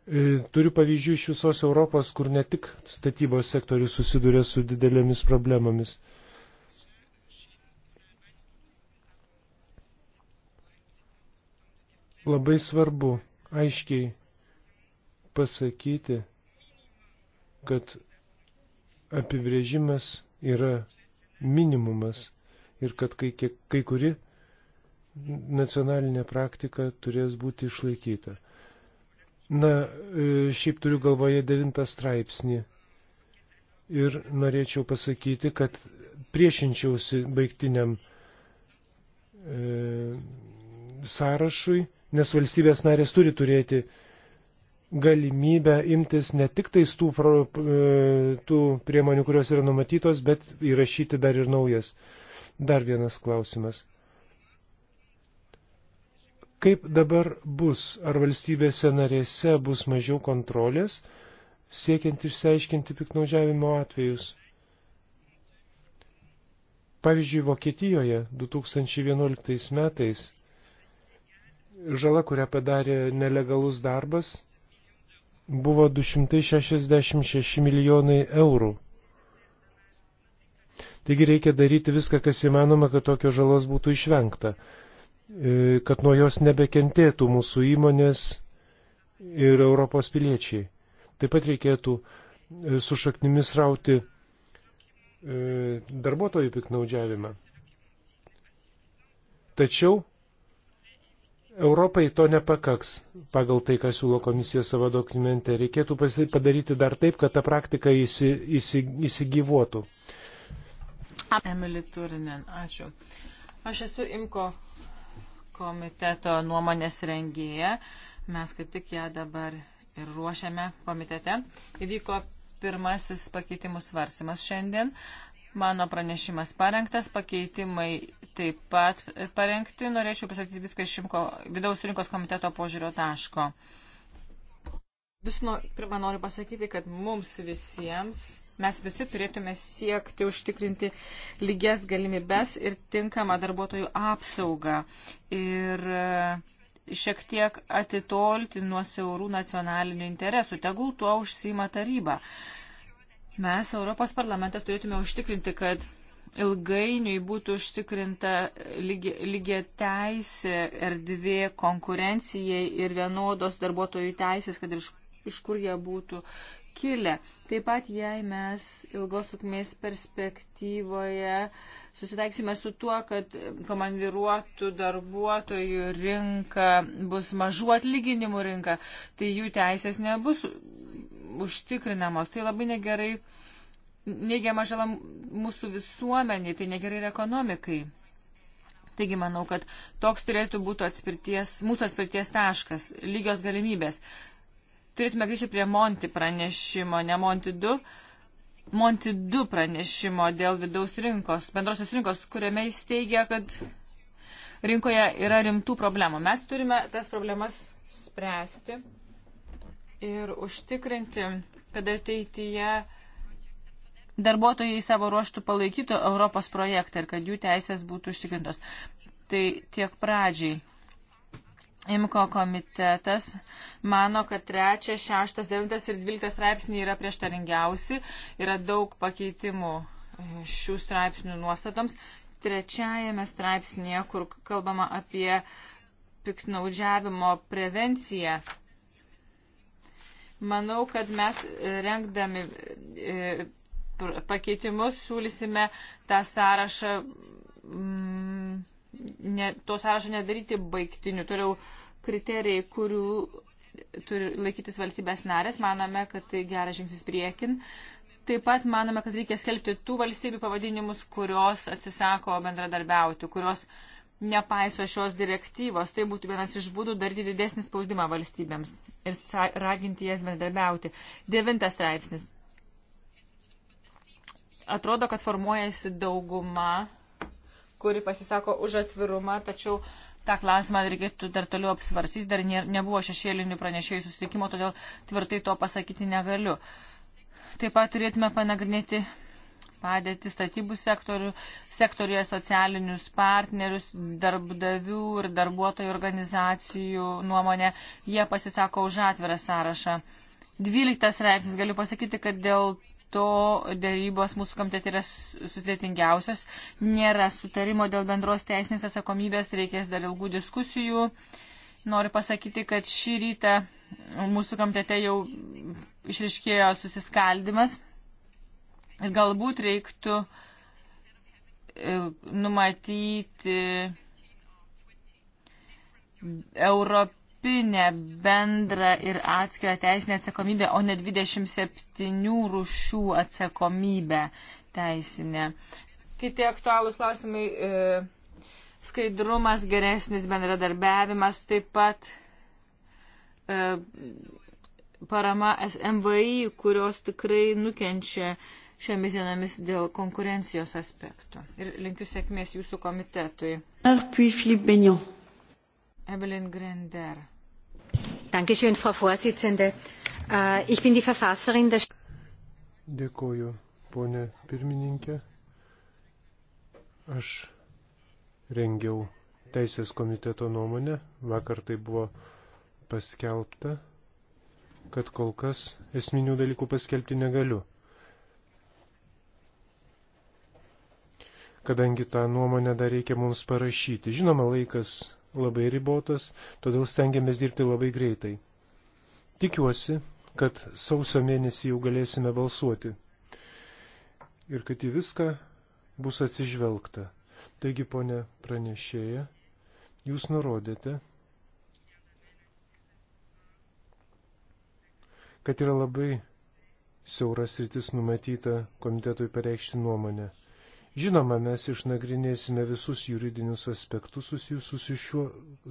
E, turiu pavyzdžių iš visos Europos, kur ne tik statybos sektorius susiduria su didelėmis problemomis. Labai svarbu aiškiai pasakyti, kad apibrėžimas yra minimumas ir kad kai, kai kuri nacionalinė praktika turės būti išlaikyta. Na, e, šiaip turiu galvoje devintą straipsnį ir norėčiau pasakyti, kad priešinčiausi baigtiniam e, sąrašui, nes valstybės narės turi turėti galimybę imtis ne tik tais tų, pro, e, tų priemonių, kurios yra numatytos, bet įrašyti dar ir naujas. E, Dar vienas klausimas. Kaip dabar bus, ar valstybėse narėse bus mažiau kontrolės, siekiant išsiaiškinti piknaudžiavimo atvejus? Pavyzdžiui, Vokietijoje 2011 metais žala, kurią padarė nelegalus darbas, buvo 266 milijonai eurų. Taigi reikia daryti viską, kas įmanoma, kad tokios žalos būtų išvengta, e, kad nuo jos nebekentėtų mūsų įmonės ir Europos piliečiai. Taip pat reikėtų e, su šaknimis rauti e, darbuotojų piknaudžiavimą. Tačiau Europai to nepakaks pagal tai, ką siūlo komisija savo dokumente. Reikėtų padaryti dar taip, kad ta praktika įsi, įsi, įsigyvuotų. Įsi Emily Turinen, ačiū. Aš esu IMKO komiteto nuomonės rengėja. Mes kaip tik ją dabar ir ruošiame komitete. Įvyko pirmasis pakeitimų svarstymas šiandien. Mano pranešimas parengtas, pakeitimai taip pat parengti. Norėčiau pasakyti viską iš šimko, vidaus rinkos komiteto požiūrio taško. Visų nu, pirma, noriu pasakyti, kad mums visiems mes visi turėtume siekti užtikrinti lygias galimybes ir tinkamą darbuotojų apsaugą. Ir e, šiek tiek atitolti nuo siaurų nacionalinių interesų. Tegul tuo užsima taryba. Mes, Europos parlamentas, turėtume užtikrinti, kad ilgainiui būtų užtikrinta lygia, lygia teisė erdvė konkurencijai ir vienodos darbuotojų teisės, kad ir iš, iš kur jie būtų kilę. Taip pat, jei mes ilgos sukmės perspektyvoje susitaiksime su tuo, kad komandiruotų darbuotojų rinka bus mažų atlyginimų rinka, tai jų teisės nebus užtikrinamos. Tai labai negerai, neigiama žala mūsų visuomeniai, tai negerai ir ekonomikai. Taigi manau, kad toks turėtų būti atspirties, mūsų atspirties taškas - lygios galimybės turėtume grįžti prie Monti pranešimo, ne Monti 2. Monti 2 pranešimo dėl vidaus rinkos, bendrosios rinkos, kuriame jis teigia, kad rinkoje yra rimtų problemų. Mes turime tas problemas spręsti ir užtikrinti, kad ateityje darbuotojai savo ruoštų palaikytų Europos projektą ir kad jų teisės būtų užtikrintos. Tai tiek pradžiai. Imko komitetas mano, kad 3, 6, 9 ir 12 straipsniai yra prieštaringiausi, yra daug pakeitimų e, šių straipsnių nuostatams. Trečiajame straipsnėje, kur kalbama apie piknaudžiavimo prevenciją, manau, kad mes rengdami e, pakeitimus siūlysime tą sąrašą. Mm, ne, to sąrašo nedaryti baigtiniu. Toliau kriterijai, kurių turi laikytis valstybės narės, manome, kad tai geras žingsnis priekin. Taip pat manome, kad reikia skelbti tų valstybių pavadinimus, kurios atsisako bendradarbiauti, kurios nepaiso šios direktyvos. Tai būtų vienas iš būdų daryti didesnį spaudimą valstybėms ir raginti jas bendradarbiauti. Devintas straipsnis. Atrodo, kad formuojasi dauguma kuri pasisako už atvirumą, tačiau tą klausimą reikėtų dar toliau apsvarsyti, dar ne, nebuvo šešėlinių pranešėjų susitikimo, todėl tvirtai to pasakyti negaliu. Taip pat turėtume panagrinėti padėti statybų sektorių, sektoriuje socialinius partnerius, darbdavių ir darbuotojų organizacijų nuomonę. Jie pasisako už atvirą sąrašą. Dvyliktas reiksis, galiu pasakyti, kad dėl to dėrybos mūsų komitete yra sudėtingiausios. Nėra sutarimo dėl bendros teisinės atsakomybės, reikės dar ilgų diskusijų. Noriu pasakyti, kad šį rytą mūsų komitete jau išriškėjo susiskaldimas ir galbūt reiktų e, numatyti Europą europinę bendrą ir atskirą teisinę atsakomybę, o ne 27 rušių atsakomybę teisinę. Kiti aktualūs klausimai e, - skaidrumas, geresnis bendradarbiavimas, taip pat e, parama SMVI, kurios tikrai nukenčia šiomis dienomis dėl konkurencijos aspektų. Ir linkiu sėkmės jūsų komitetui. Ar puis Filip Benjon. Evelyn Grender. Dankeschön, Frau Vorsitzende. Äh, ich bin die Verfasserin der. Dėkoju, ponė pirmininkė. Aš rengiau Teisės komiteto nuomonę. Vakar tai buvo paskelbta, kad kol kas esminių dalykų paskelbti negaliu. Kadangi tą nuomonę dar reikia mums parašyti. Žinoma, laikas labai ribotas, todėl stengiamės dirbti labai greitai. Tikiuosi, kad sausio mėnesį jau galėsime balsuoti ir kad į viską bus atsižvelgta. Taigi, ponė pranešėja, jūs nurodėte, kad yra labai siauras rytis numatyta komitetui pareikšti nuomonę. Žinoma, mes išnagrinėsime visus juridinius aspektus susijusius su šiuo,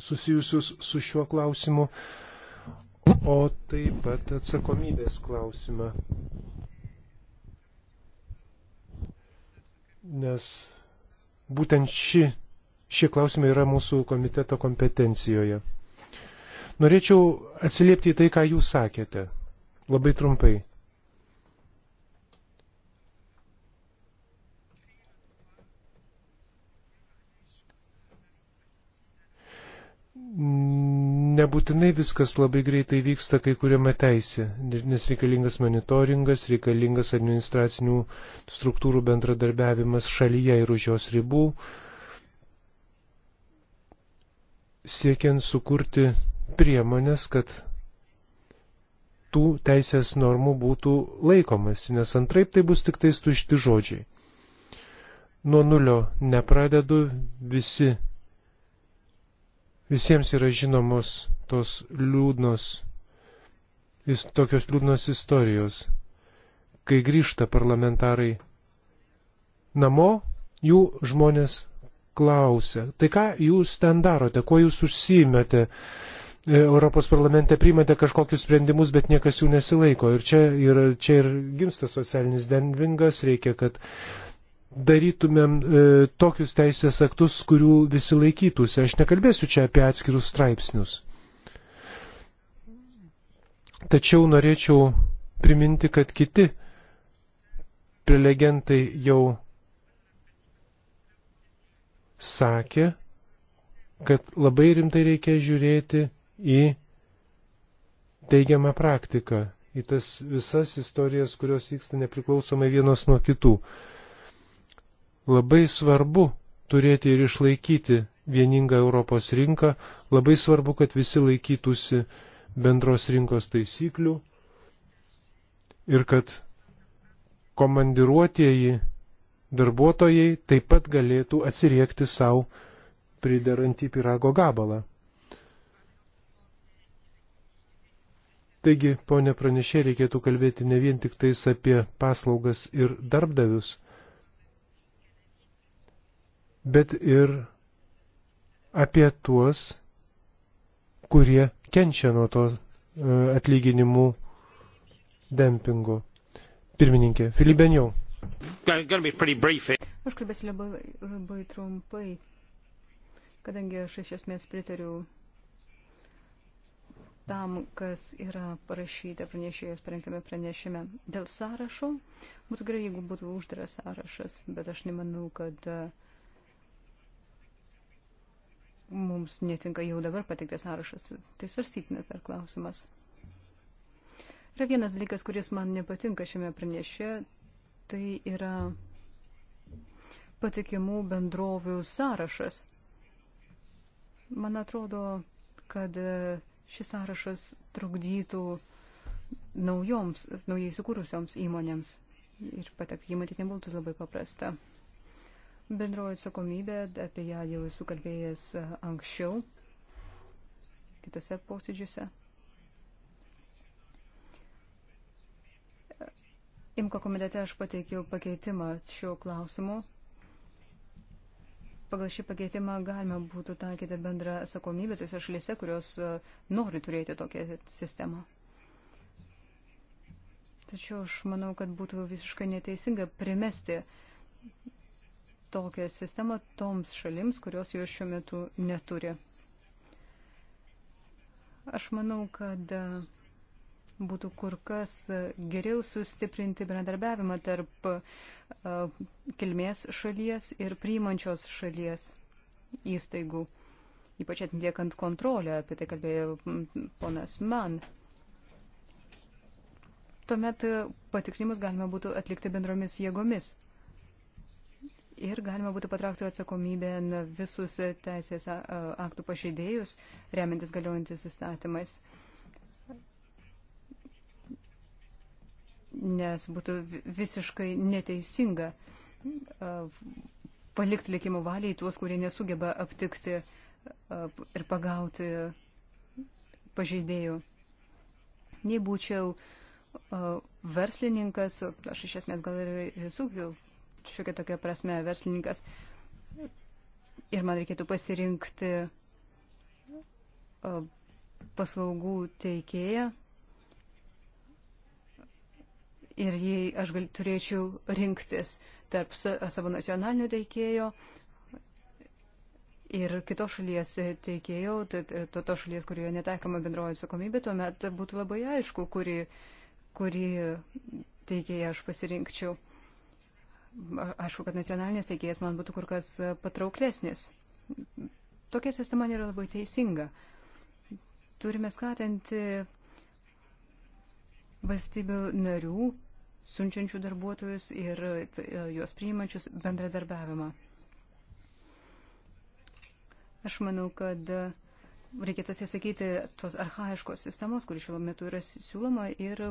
susijusius su šiuo klausimu, o taip pat atsakomybės klausimą. Nes būtent ši, šie klausimai yra mūsų komiteto kompetencijoje. Norėčiau atsiliepti į tai, ką jūs sakėte. Labai trumpai. nebūtinai viskas labai greitai vyksta kai kuriame teisė, nes reikalingas monitoringas, reikalingas administracinių struktūrų bendradarbiavimas šalyje ir už jos ribų, siekiant sukurti priemonės, kad tų teisės normų būtų laikomas, nes antraip tai bus tik tais tušti žodžiai. Nuo nulio nepradedu, visi Visiems yra žinomos tos liūdnos, tokios liūdnos istorijos. Kai grįžta parlamentarai namo, jų žmonės klausia, tai ką jūs ten darote, kuo jūs užsiimate, e, Europos parlamente priimate kažkokius sprendimus, bet niekas jų nesilaiko. Ir čia, ir, čia ir gimsta socialinis denvingas, reikia, kad darytumėm e, tokius teisės aktus, kurių visi laikytųsi. Aš nekalbėsiu čia apie atskirus straipsnius. Tačiau norėčiau priminti, kad kiti prelegentai jau sakė, kad labai rimtai reikia žiūrėti į teigiamą praktiką, į tas visas istorijas, kurios vyksta nepriklausomai vienos nuo kitų. Labai svarbu turėti ir išlaikyti vieningą Europos rinką, labai svarbu, kad visi laikytųsi bendros rinkos taisyklių ir kad komandiruotieji darbuotojai taip pat galėtų atsiriekti savo priderantį pirago gabalą. Taigi, ponė pranešė, reikėtų kalbėti ne vien tik tais apie paslaugas ir darbdavius, bet ir apie tuos, kurie kenčia nuo to e, atlyginimų dempingo. Pirmininkė, Filibeniau. Aš kalbėsiu labai, labai trumpai, kadangi aš iš esmės pritariu tam, kas yra parašyta pranešėjos parengtame pranešime. Dėl sąrašo būtų gerai, jeigu būtų uždaras sąrašas, bet aš nemanau, kad uh, mums netinka jau dabar patiktas sąrašas. Tai svarstytinas dar klausimas. Yra vienas dalykas, kuris man nepatinka šiame pranešė, tai yra patikimų bendrovių sąrašas. Man atrodo, kad šis sąrašas trukdytų naujoms, naujai sukūrusioms įmonėms ir patekti jį matyti nebūtų labai paprasta. Bendroji atsakomybė, apie ją jau esu kalbėjęs e, anksčiau, kitose posėdžiuose. Imko komitete aš pateikiau pakeitimą šiuo klausimu. Pagal šį pakeitimą galima būtų taikyti bendrą atsakomybę tose šalyse, kurios e, nori turėti tokią sistemą. Tačiau aš manau, kad būtų visiškai neteisinga primesti tokią sistemą toms šalims, kurios jo šiuo metu neturi. Aš manau, kad e, būtų kur kas e, geriau sustiprinti bendradarbiavimą tarp e, kilmės šalies ir priimančios šalies įstaigų, ypač atliekant kontrolę, apie tai kalbėjo ponas Man. Tuomet patikrinimus galima būtų atlikti bendromis jėgomis ir galima būtų patraukti atsakomybę visus teisės aktų pažeidėjus, remiantis galiojantis įstatymais. Nes būtų visiškai neteisinga palikti likimo valiai tuos, kurie nesugeba aptikti ir pagauti pažeidėjų. Nei būčiau verslininkas, aš iš esmės gal ir esu šiokia tokia prasme verslininkas. Ir man reikėtų pasirinkti paslaugų teikėją. Ir jei aš gal, turėčiau rinktis tarp savo nacionalinio teikėjo ir kitos šalies teikėjo, to, tai, tai, to, to šalies, kurioje netaikoma bendroji atsakomybė, tuomet būtų labai aišku, kuri, kuri teikėja aš pasirinkčiau. Aišku, kad nacionalinės teikėjas man būtų kur kas patrauklesnis. Tokia sistema nėra labai teisinga. Turime skatinti valstybių narių, siunčiančių darbuotojus ir e, juos priimančius bendradarbiavimą. Aš manau, kad uh, reikėtų atsisakyti tos arhaiškos sistemos, kuri šiuo metu yra siūloma, ir,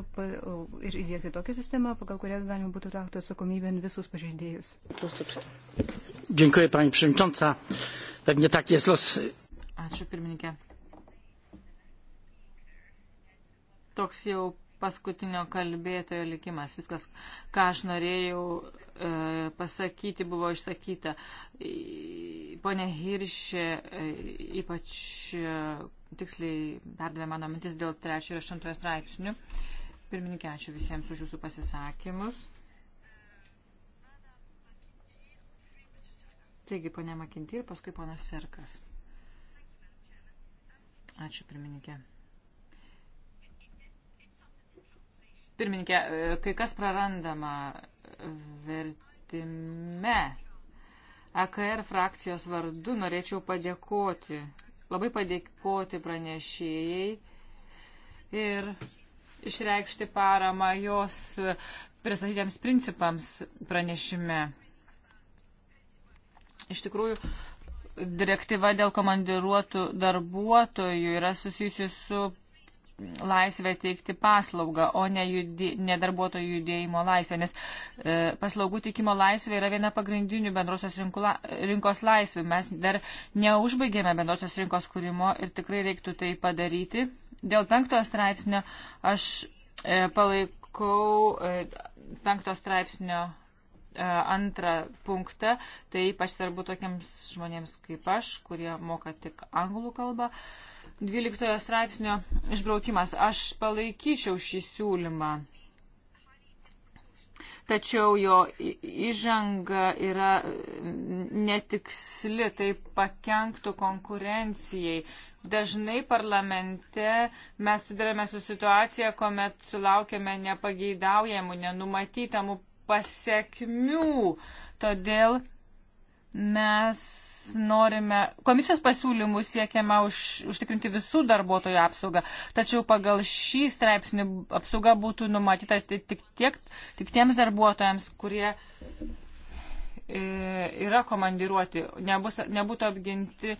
ir įdėkti tokią sistemą, pagal kurią galima būtų traukti atsakomybę visus pažeidėjus. Dziękuję, pani przewodnicząca. Pewnie tak jest los. Ačiū, pirmininkė. Toks jau paskutinio kalbėtojo likimas. Viskas, ką aš norėjau E, pasakyti buvo išsakyta. Pone Hiršė e, ypač e, tiksliai perdavė mano mintis dėl 3 ir 8 straipsnių. Pirmininkė, ačiū visiems už jūsų pasisakymus. Taigi, ponė Makinti ir paskui ponas Serkas. Ačiū, pirmininkė. Pirmininkė, e, kai kas prarandama vertime. AKR e frakcijos vardu norėčiau padėkoti, labai padėkoti pranešėjai ir išreikšti paramą jos pristatytiems principams pranešime. Iš tikrųjų, direktyva dėl komandiruotų darbuotojų yra susijusi su laisvę teikti paslaugą, o ne, judė, ne darbuotojų judėjimo laisvę, nes e, paslaugų teikimo laisvė yra viena pagrindinių bendrosios rinkula, rinkos laisvių. Mes dar neužbaigėme bendrosios rinkos kūrimo ir tikrai reiktų tai padaryti. Dėl penktojo straipsnio aš e, palaikau e, penktojo straipsnio e, antrą punktą, tai ypač svarbu tokiems žmonėms kaip aš, kurie moka tik anglų kalbą. E, 12 straipsnio išbraukimas. Aš palaikyčiau šį siūlymą. Tačiau jo įžanga yra netiksli, tai pakenktų konkurencijai. Dažnai parlamente mes sudarėme su situacija, kuomet sulaukėme nepageidaujamų, nenumatytamų pasiekmių. Todėl mes norime, komisijos pasiūlymų siekiama už, užtikrinti visų darbuotojų apsaugą, tačiau pagal šį straipsnį apsauga būtų numatyta tik, tiek, tik tiems darbuotojams, kurie e, yra komandiruoti, nebus, nebūtų apginti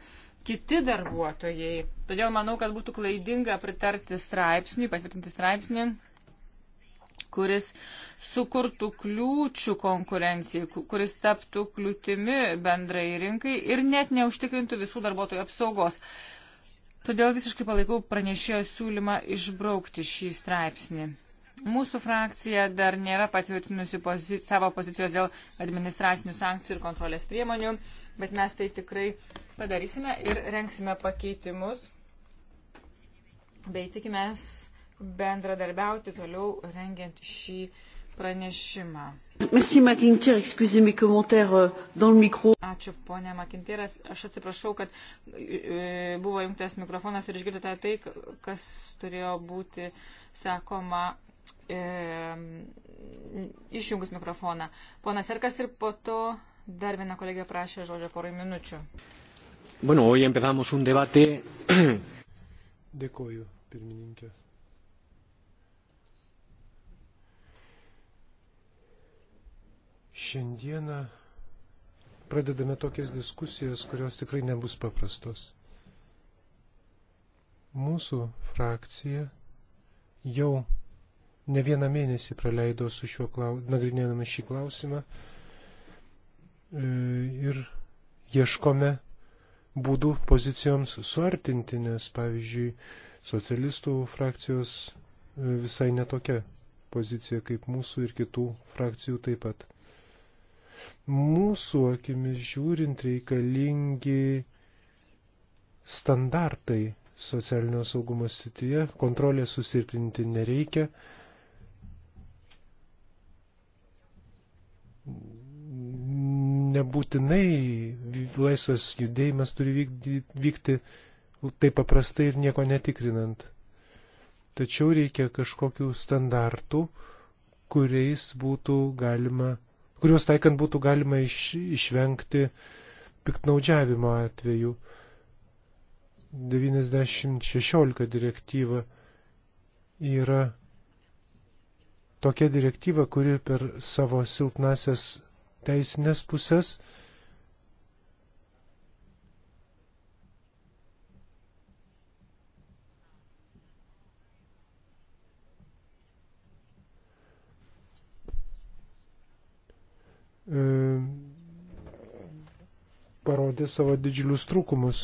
kiti darbuotojai. Todėl manau, kad būtų klaidinga pritarti straipsniui, patvirtinti straipsnį kuris sukurtų kliūčių konkurencijai, kuris taptų kliūtimi bendrai rinkai ir net neužtikrintų visų darbuotojų apsaugos. Todėl visiškai palaikau pranešėjo siūlymą išbraukti šį straipsnį. Mūsų frakcija dar nėra patvirtinusi pozici savo pozicijos dėl administracinių sankcijų ir kontrolės priemonių, bet mes tai tikrai padarysime ir renksime pakeitimus. Bei tikimės bendradarbiauti toliau rengiant šį pranešimą. Merci, McIntyre, excusez mes commentaires euh, dans le micro. Ačiū, ponė McIntyras. Aš atsiprašau, kad e, buvo jungtas mikrofonas ir išgirdote tai, kas turėjo būti sakoma e, išjungus mikrofoną. Ponas Erkas ir po to dar viena kolegė prašė žodžio porai minučių. Bueno, hoy empezamos un debate. Dėkoju, pirmininkė. Šiandieną pradedame tokias diskusijas, kurios tikrai nebus paprastos. Mūsų frakcija jau ne vieną mėnesį praleido su šiuo klausimu, nagrinėdami šį klausimą e, ir ieškome būdų pozicijoms suartinti, nes, pavyzdžiui, socialistų frakcijos e, visai netokia pozicija kaip mūsų ir kitų frakcijų taip pat. Mūsų akimis žiūrint reikalingi standartai socialinio saugumo srityje, kontrolės susirpinti nereikia. Nebūtinai laisvas judėjimas turi vykti taip paprastai ir nieko netikrinant. Tačiau reikia kažkokių standartų, kuriais būtų galima kuriuos taikant būtų galima iš, išvengti piktnaudžiavimo atveju. 9016 direktyva yra tokia direktyva, kuri per savo silpnasias teisinės pusės E, parodė savo didžiulius trūkumus.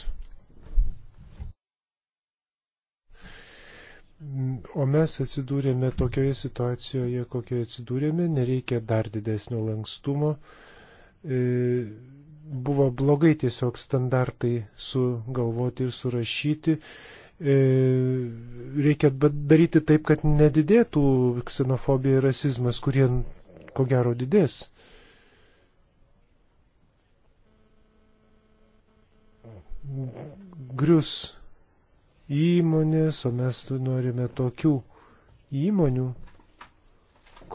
O mes atsidūrėme tokioje situacijoje, kokioje atsidūrėme, nereikia dar didesnio lankstumo. E, buvo blogai tiesiog standartai sugalvoti ir surašyti. E, reikia daryti taip, kad nedidėtų ksenofobija ir rasizmas, kurie ko gero didės. grius įmonės, o mes norime tokių įmonių,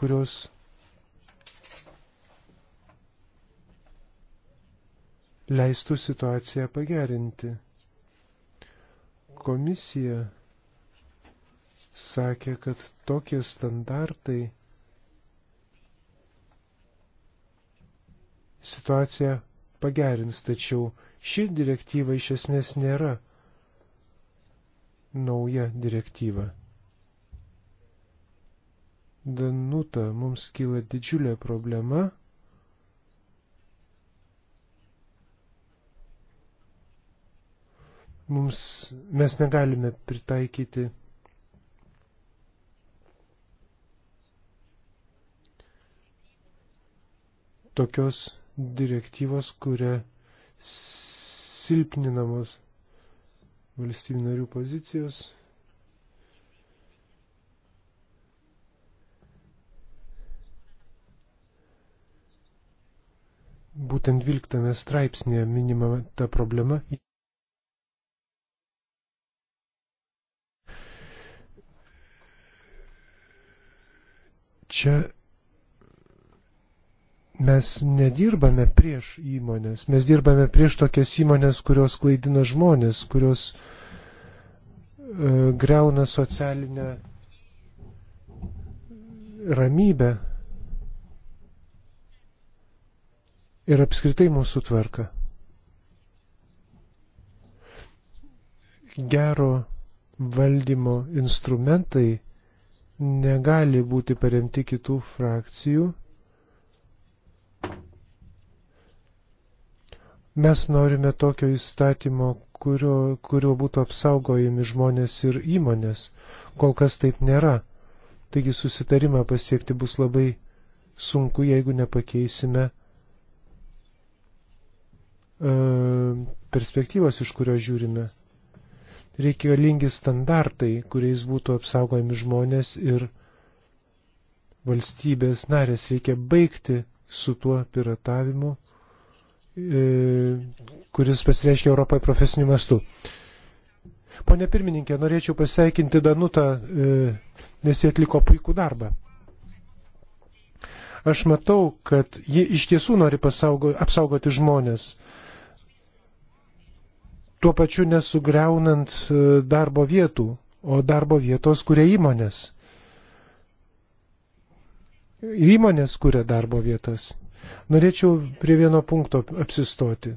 kurios leistų situaciją pagerinti. Komisija sakė, kad tokie standartai situaciją pagerins, tačiau Ši direktyva iš esmės nėra nauja direktyva. Danuta mums kyla didžiulė problema. Mums, mes negalime pritaikyti tokios direktyvos, kurią silpninamos valstybių narių pozicijos. Būtent 12 straipsnėje minima ta problema. Čia Mes nedirbame prieš įmonės, mes dirbame prieš tokias įmonės, kurios klaidina žmonės, kurios e, greuna socialinę ramybę ir apskritai mūsų tvarką. Gero valdymo instrumentai negali būti paremti kitų frakcijų Mes norime tokio įstatymo, kurio, kurio būtų apsaugojami žmonės ir įmonės. Kol kas taip nėra. Taigi susitarimą pasiekti bus labai sunku, jeigu nepakeisime e, perspektyvos, iš kurio žiūrime. Reikalingi standartai, kuriais būtų apsaugojami žmonės ir valstybės narės. Reikia baigti su tuo piratavimu E, kuris pasireiškia Europoje profesiniu mastu. Pone pirmininkė, norėčiau pasveikinti Danutą, e, nes jie atliko puikų darbą. Aš matau, kad ji iš tiesų nori pasaugo, apsaugoti žmonės, tuo pačiu nesugriaunant e, darbo vietų, o darbo vietos kuria įmonės. Ir įmonės kuria darbo vietas. Norėčiau prie vieno punkto apsistoti,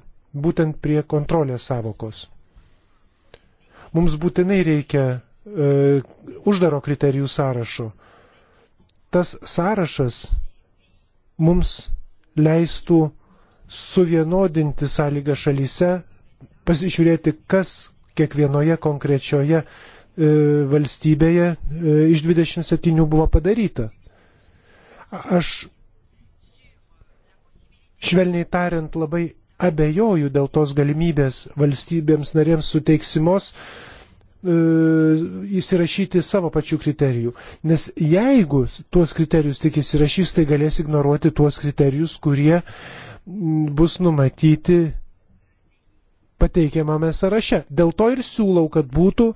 būtent prie kontrolės savokos. Mums būtinai reikia e, uždaro kriterijų sąrašo. Tas sąrašas mums leistų suvienodinti sąlygą šalyse, pasižiūrėti, kas kiekvienoje konkrečioje e, valstybėje e, iš 27 buvo padaryta. Aš švelniai tariant, labai abejoju dėl tos galimybės valstybėms narėms suteiksimos e, įsirašyti savo pačių kriterijų. Nes jeigu tuos kriterijus tik įsirašys, tai galės ignoruoti tuos kriterijus, kurie bus numatyti pateikiamame sąraše. Dėl to ir siūlau, kad būtų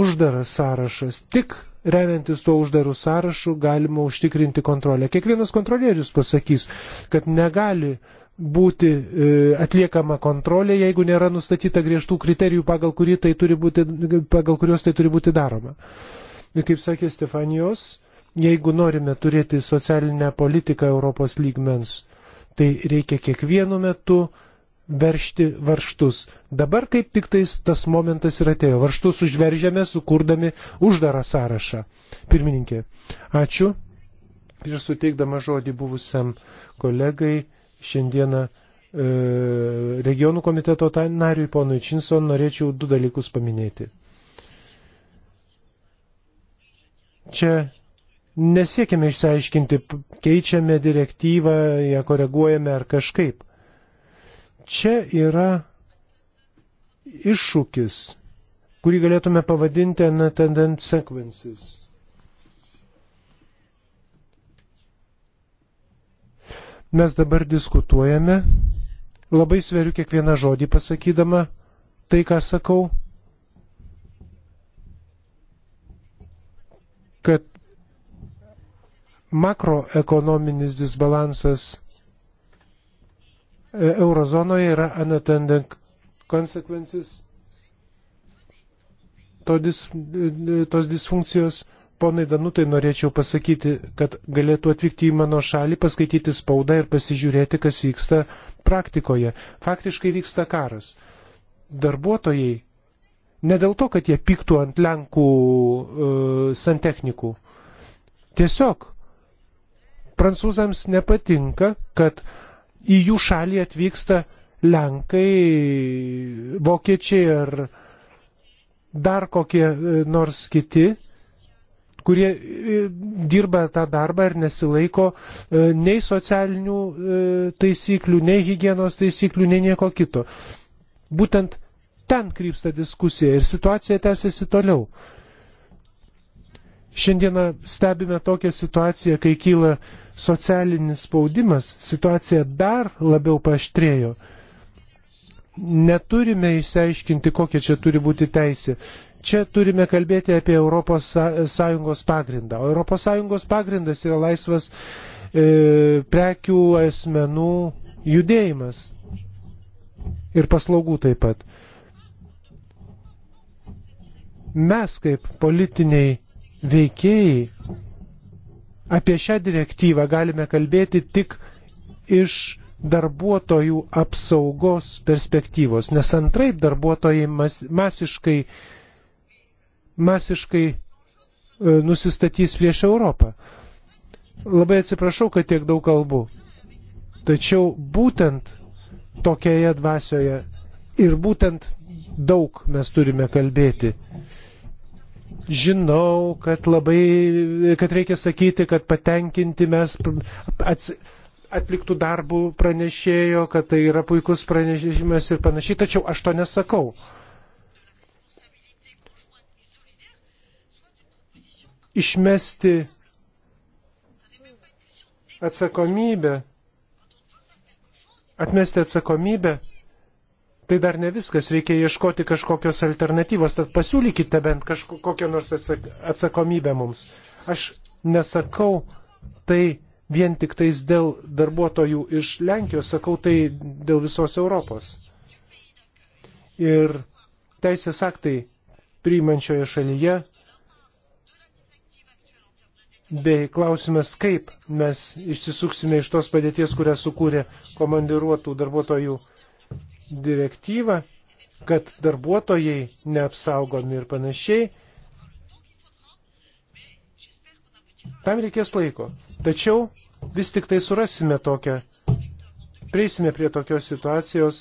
uždaras sąrašas, tik remiantis tuo uždarų sąrašu galima užtikrinti kontrolę. Kiekvienas kontrolierius pasakys, kad negali būti e, atliekama kontrolė, jeigu nėra nustatyta griežtų kriterijų, pagal, tai būti, pagal kuriuos tai turi būti daroma. Ir kaip sakė Stefanijos, jeigu norime turėti socialinę politiką Europos lygmens, tai reikia kiekvienu metu veršti varštus. Dabar kaip tik tais tas momentas ir atėjo. Varštus užveržėme, sukūrdami uždarą sąrašą. Pirmininkė, ačiū. Ir suteikdama žodį buvusiam kolegai, šiandieną e, regionų komiteto nariui ponui Činson norėčiau du dalykus paminėti. Čia nesiekime išsiaiškinti, keičiame direktyvą, ją koreguojame ar kažkaip čia yra iššūkis, kurį galėtume pavadinti antendant sequences. Mes dabar diskutuojame, labai sveriu kiekvieną žodį pasakydama tai, ką sakau, kad makroekonominis disbalansas E, eurozonoje yra unattended consequences to dis, e, e, tos disfunkcijos. Ponai Danutai norėčiau pasakyti, kad galėtų atvykti į mano šalį, paskaityti spaudą ir pasižiūrėti, kas vyksta praktikoje. Faktiškai vyksta karas. Darbuotojai ne dėl to, kad jie piktų ant Lenkų e, santechnikų. Tiesiog prancūzams nepatinka, kad e, į jų šalį atvyksta Lenkai, Vokiečiai ar dar kokie e, nors kiti, kurie e, dirba tą darbą ir nesilaiko e, nei socialinių taisyklių, nei hygienos taisyklių, nei nieko kito. Būtent ten krypsta diskusija ir situacija tęsiasi toliau. Šiandieną stebime tokią situaciją, kai kyla socialinis spaudimas, situacija dar labiau paštrėjo. Neturime išsiaiškinti, kokia čia turi būti teisė. Čia turime kalbėti apie ES pagrindą. O ES pagrindas yra laisvas e, prekių asmenų judėjimas ir paslaugų taip pat. Mes kaip politiniai veikėjai. Apie šią direktyvą galime kalbėti tik iš darbuotojų apsaugos perspektyvos, nes antraip darbuotojai mas, masiškai, masiškai e, nusistatys prieš Europą. Labai atsiprašau, kad tiek daug kalbu. Tačiau būtent tokioje dvasioje ir būtent daug mes turime kalbėti žinau, kad labai, kad reikia sakyti, kad patenkinti mes ats, atliktų darbų pranešėjo, kad tai yra puikus pranešimas ir panašiai, tačiau aš to nesakau. Išmesti atsakomybę, atmesti atsakomybę tai dar ne viskas, reikia ieškoti kažkokios alternatyvos, tad pasiūlykite bent kažkokią nors atsakomybę mums. Aš nesakau tai vien tik tais dėl darbuotojų iš Lenkijos, sakau tai dėl visos Europos. Ir teisės aktai priimančioje šalyje bei klausimas, kaip mes išsisuksime iš tos padėties, kurią sukūrė komandiruotų darbuotojų direktyvą, kad darbuotojai neapsaugomi ir panašiai. Tam reikės laiko. Tačiau vis tik tai surasime tokią, prieisime prie tokios situacijos,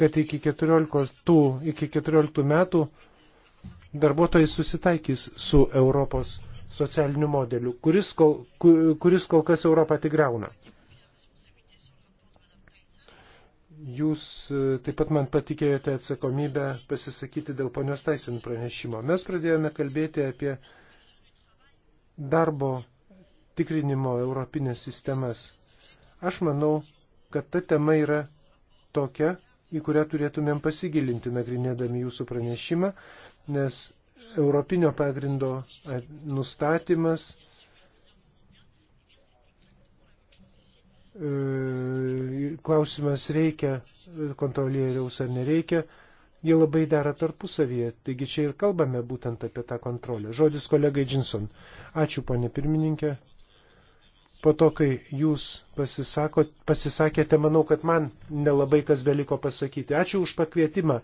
kad iki 14, tų, iki 14 metų darbuotojai susitaikys su Europos socialiniu modeliu, kuris kol, kuris kol kas Europą tik greuna. Jūs e, taip pat man patikėjote atsakomybę pasisakyti dėl ponios Taisin pranešimo. Mes pradėjome kalbėti apie darbo tikrinimo europinės sistemas. Aš manau, kad ta tema yra tokia, į kurią turėtumėm pasigilinti nagrinėdami jūsų pranešimą, nes europinio pagrindo nustatymas E, klausimas reikia kontrolieriaus ar nereikia, jie labai dera tarpusavyje. Taigi čia ir kalbame būtent apie tą kontrolę. Žodis kolegai Džinson. Ačiū, ponė pirmininkė. Po to, kai jūs pasisako, pasisakėte, manau, kad man nelabai kas beliko pasakyti. Ačiū už pakvietimą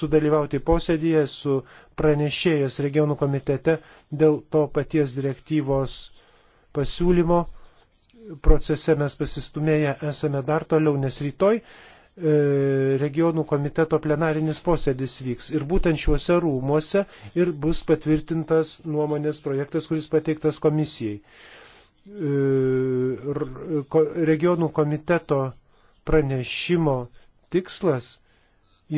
sudalyvauti posėdėje su pranešėjas regionų komitete dėl to paties direktyvos pasiūlymo procese mes pasistumėję esame dar toliau, nes rytoj e, regionų komiteto plenarinis posėdis vyks. Ir būtent šiuose rūmuose ir bus patvirtintas nuomonės projektas, kuris pateiktas komisijai. E, regionų komiteto pranešimo tikslas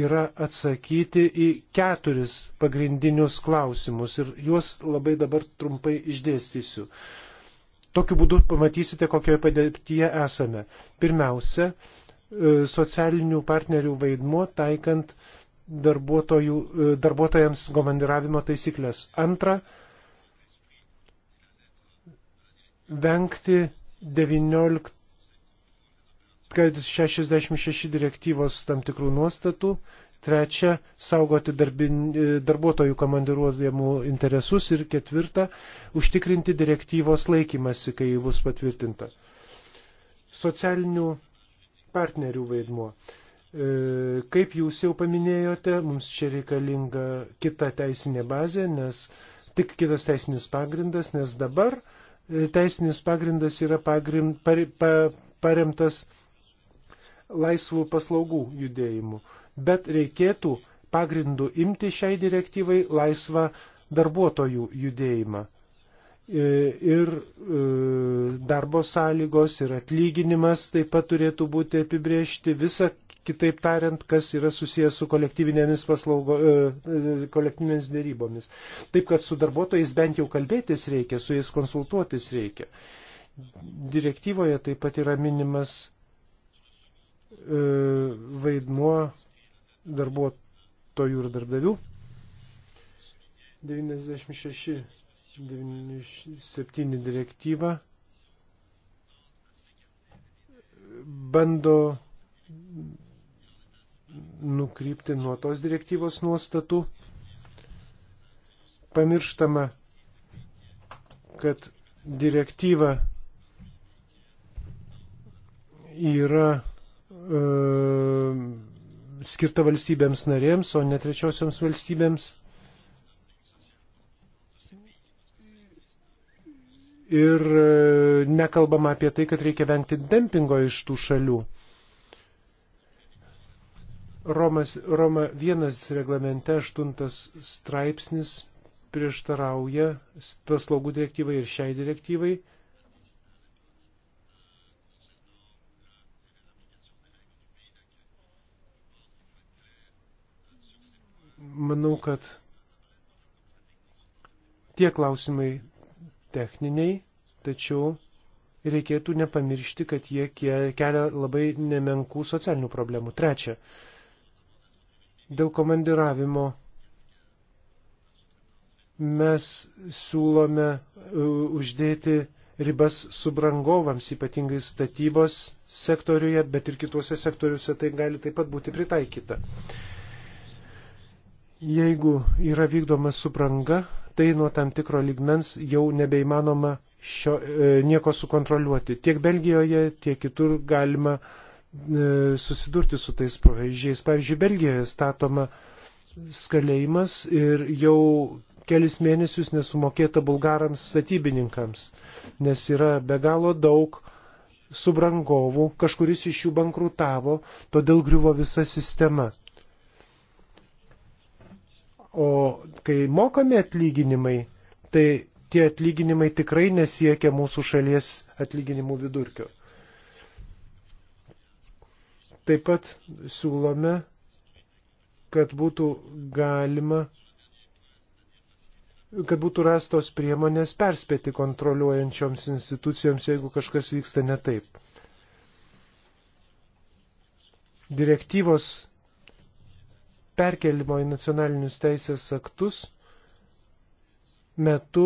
yra atsakyti į keturis pagrindinius klausimus ir juos labai dabar trumpai išdėstysiu. E, Tokiu būdu pamatysite, kokioje padėtyje esame. Pirmiausia, e, socialinių partnerių vaidmuo taikant e, darbuotojams komandiravimo taisyklės. Antra, vengti 1966 direktyvos tam tikrų nuostatų trečia, saugoti darbin, e, darbuotojų komandiruojamų interesus ir ketvirta, užtikrinti direktyvos laikymasi, kai bus patvirtinta. Socialinių partnerių vaidmuo. E, kaip jūs jau paminėjote, mums čia reikalinga kita teisinė bazė, nes tik kitas teisinis pagrindas, nes dabar e, teisinis pagrindas yra pagrind, par, pa, paremtas laisvų paslaugų judėjimu bet reikėtų pagrindų imti šiai direktyvai laisvą darbuotojų judėjimą. E, ir e, darbo sąlygos ir atlyginimas taip pat turėtų būti apibriežti visą, kitaip tariant, kas yra susijęs su kolektyvinėmis, paslaugo, e, kolektyvinėmis dėrybomis. Taip kad su darbuotojais bent jau kalbėtis reikia, su jais konsultuotis reikia. Direktyvoje taip pat yra minimas vaidmuo darbuotojų ir darbdavių. 96-97 direktyva bando nukrypti nuo tos direktyvos nuostatų. Pamirštama, kad direktyva yra e, skirta valstybėms narėms, o ne trečiosioms valstybėms. Ir e, nekalbama apie tai, kad reikia vengti dempingo iš tų šalių. Romas, Roma 1 reglamente 8 straipsnis prieštarauja paslaugų direktyvai ir šiai direktyvai. manau, kad tie klausimai techniniai, tačiau reikėtų nepamiršti, kad jie kelia labai nemenkų socialinių problemų. Trečia, dėl komandiravimo mes siūlome e, uždėti ribas subrangovams, ypatingai statybos sektoriuje, bet ir kituose sektoriuose tai gali taip pat būti pritaikyta jeigu yra vykdoma supranga, tai nuo tam tikro ligmens jau nebeįmanoma šio, e, nieko sukontroliuoti. Tiek Belgijoje, tiek kitur galima e, susidurti su tais pavyzdžiais. Pavyzdžiui, Belgijoje statoma skalėjimas ir jau kelis mėnesius nesumokėta bulgarams statybininkams, nes yra be galo daug subrangovų, kažkuris iš jų bankrutavo, todėl griuvo visa sistema. O kai mokami atlyginimai, tai tie atlyginimai tikrai nesiekia mūsų šalies atlyginimų vidurkio. Taip pat siūlome, kad būtų galima, kad būtų rastos priemonės perspėti kontroliuojančioms institucijoms, jeigu kažkas vyksta ne taip. Direktyvos perkelimo į nacionalinius teisės aktus metu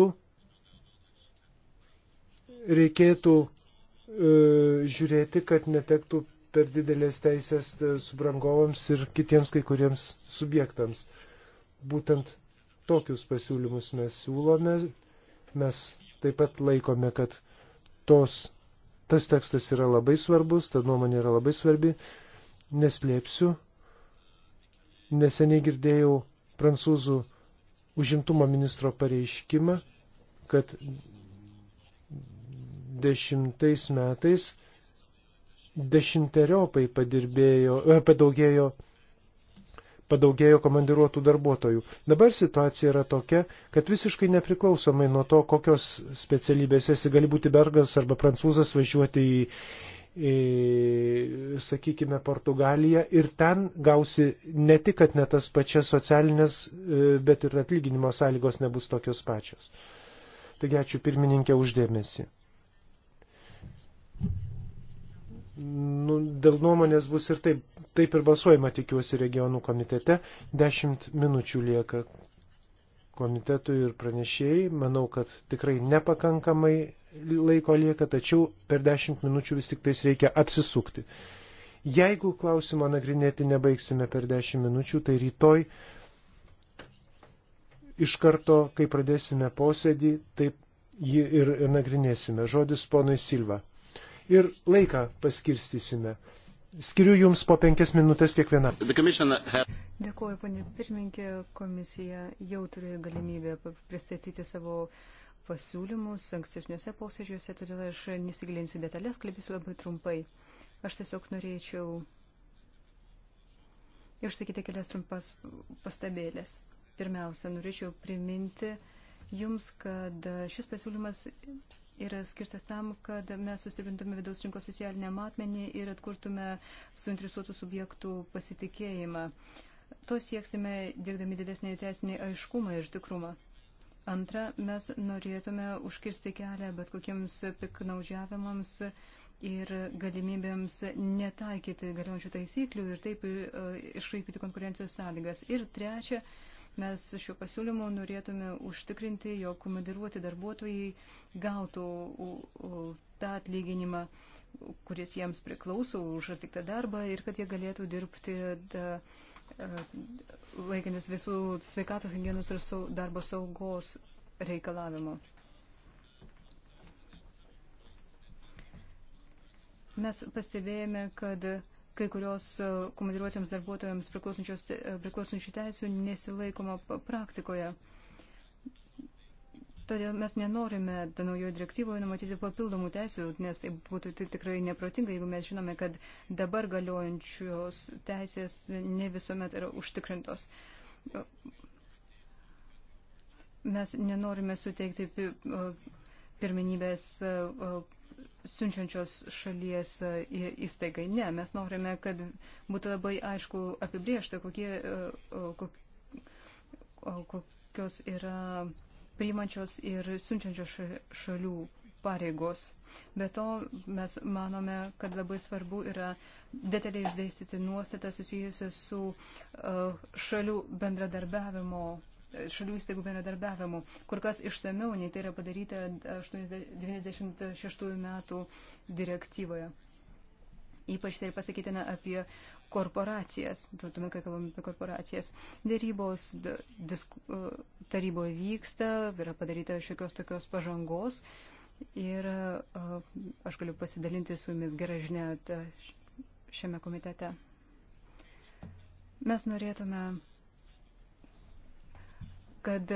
reikėtų e, žiūrėti, kad netektų per didelės teisės e, subrangovams ir kitiems kai kuriems subjektams. Būtent tokius pasiūlymus mes siūlome. Mes taip pat laikome, kad tos, tas tekstas yra labai svarbus, ta nuomonė yra labai svarbi. Neslėpsiu, Neseniai girdėjau prancūzų užimtumo ministro pareiškimą, kad dešimtais metais dešimteriopai padirbėjo, e, padaugėjo, padaugėjo komandiruotų darbuotojų. Dabar situacija yra tokia, kad visiškai nepriklausomai nuo to, kokios specialybės esi, gali būti bergas arba prancūzas važiuoti į, į, sakykime, Portugaliją ir ten gausi ne tik, kad ne tas pačias socialinės, e, bet ir atlyginimo sąlygos nebus tokios pačios. Taigi ačiū pirmininkė uždėmesi. Nu, dėl nuomonės bus ir taip, taip ir balsuojama, tikiuosi, regionų komitete. Dešimt minučių lieka komitetui ir pranešėjai. Manau, kad tikrai nepakankamai laiko lieka, tačiau per dešimt minučių vis tik tais reikia apsisukti. Jeigu klausimą nagrinėti nebaigsime per 10 minučių, tai rytoj iš karto, kai pradėsime posėdį, taip jį ir nagrinėsime. Žodis ponui Silva. Ir laiką paskirstysime. Skiriu Jums po penkias minutės kiekvieną. Dėkuoju, ponė pirmininkė, komisija jau turėjo galimybę pristatyti savo pasiūlymus ankstesniuose posėdžiuose, todėl aš nesigilinsiu detalės, kalbėsiu labai trumpai. Aš tiesiog norėčiau išsakyti kelias trumpas pastabėlės. Pirmiausia, norėčiau priminti Jums, kad šis pasiūlymas yra skirtas tam, kad mes sustiprintume vidaus rinkos socialinę matmenį ir atkurtume suinteresuotų subjektų pasitikėjimą. To sieksime, dėkdami didesnį teisinį aiškumą ir tikrumą. Antra, mes norėtume užkirsti kelią bet kokiems piknaudžiavimams ir galimybėms netaikyti galiojančių taisyklių ir taip e, išraipyti konkurencijos sąlygas. Ir trečia, uh, Mes šiuo pasiūlymu norėtume užtikrinti, jog komandiruoti darbuotojai gautų tą atlyginimą, kuris jiems priklauso už atliktą darbą ir kad jie galėtų dirbti da, e, laikantis visų sveikatos hygienos ir sau, darbo saugos reikalavimų. Mes pastebėjome, kad uh, kai kurios e, komandiruotėms darbuotojams e, priklausančių teisų nesilaikoma praktikoje. Todėl mes nenorime naujoje direktyvoje numatyti papildomų teisų, nes tai būtų tikrai neprotinga, jeigu mes žinome, kad dabar galiojančios teisės ne visuomet yra užtikrintos. Mes nenorime suteikti pirmenybės siunčiančios šalies e, įstaigai. Ne, mes norime, kad būtų labai aišku apibriešta, kokie, e, kok, kokios yra priimančios ir siunčiančios šalių pareigos. Be to, mes manome, kad labai svarbu yra detaliai išdėstyti nuostatą susijusią su e, šalių bendradarbiavimo šalių įstaigų bendradarbiavimu, kur kas išsameu, nei tai yra padaryta 96 metų direktyvoje. Ypač tai pasakytina apie korporacijas, turtume, kai kalbame apie korporacijas. Dėrybos disku, e, taryboje vyksta, yra padaryta šiokios tokios pažangos ir e, aš galiu pasidalinti su jumis gerą žinę šiame komitete. Mes norėtume kad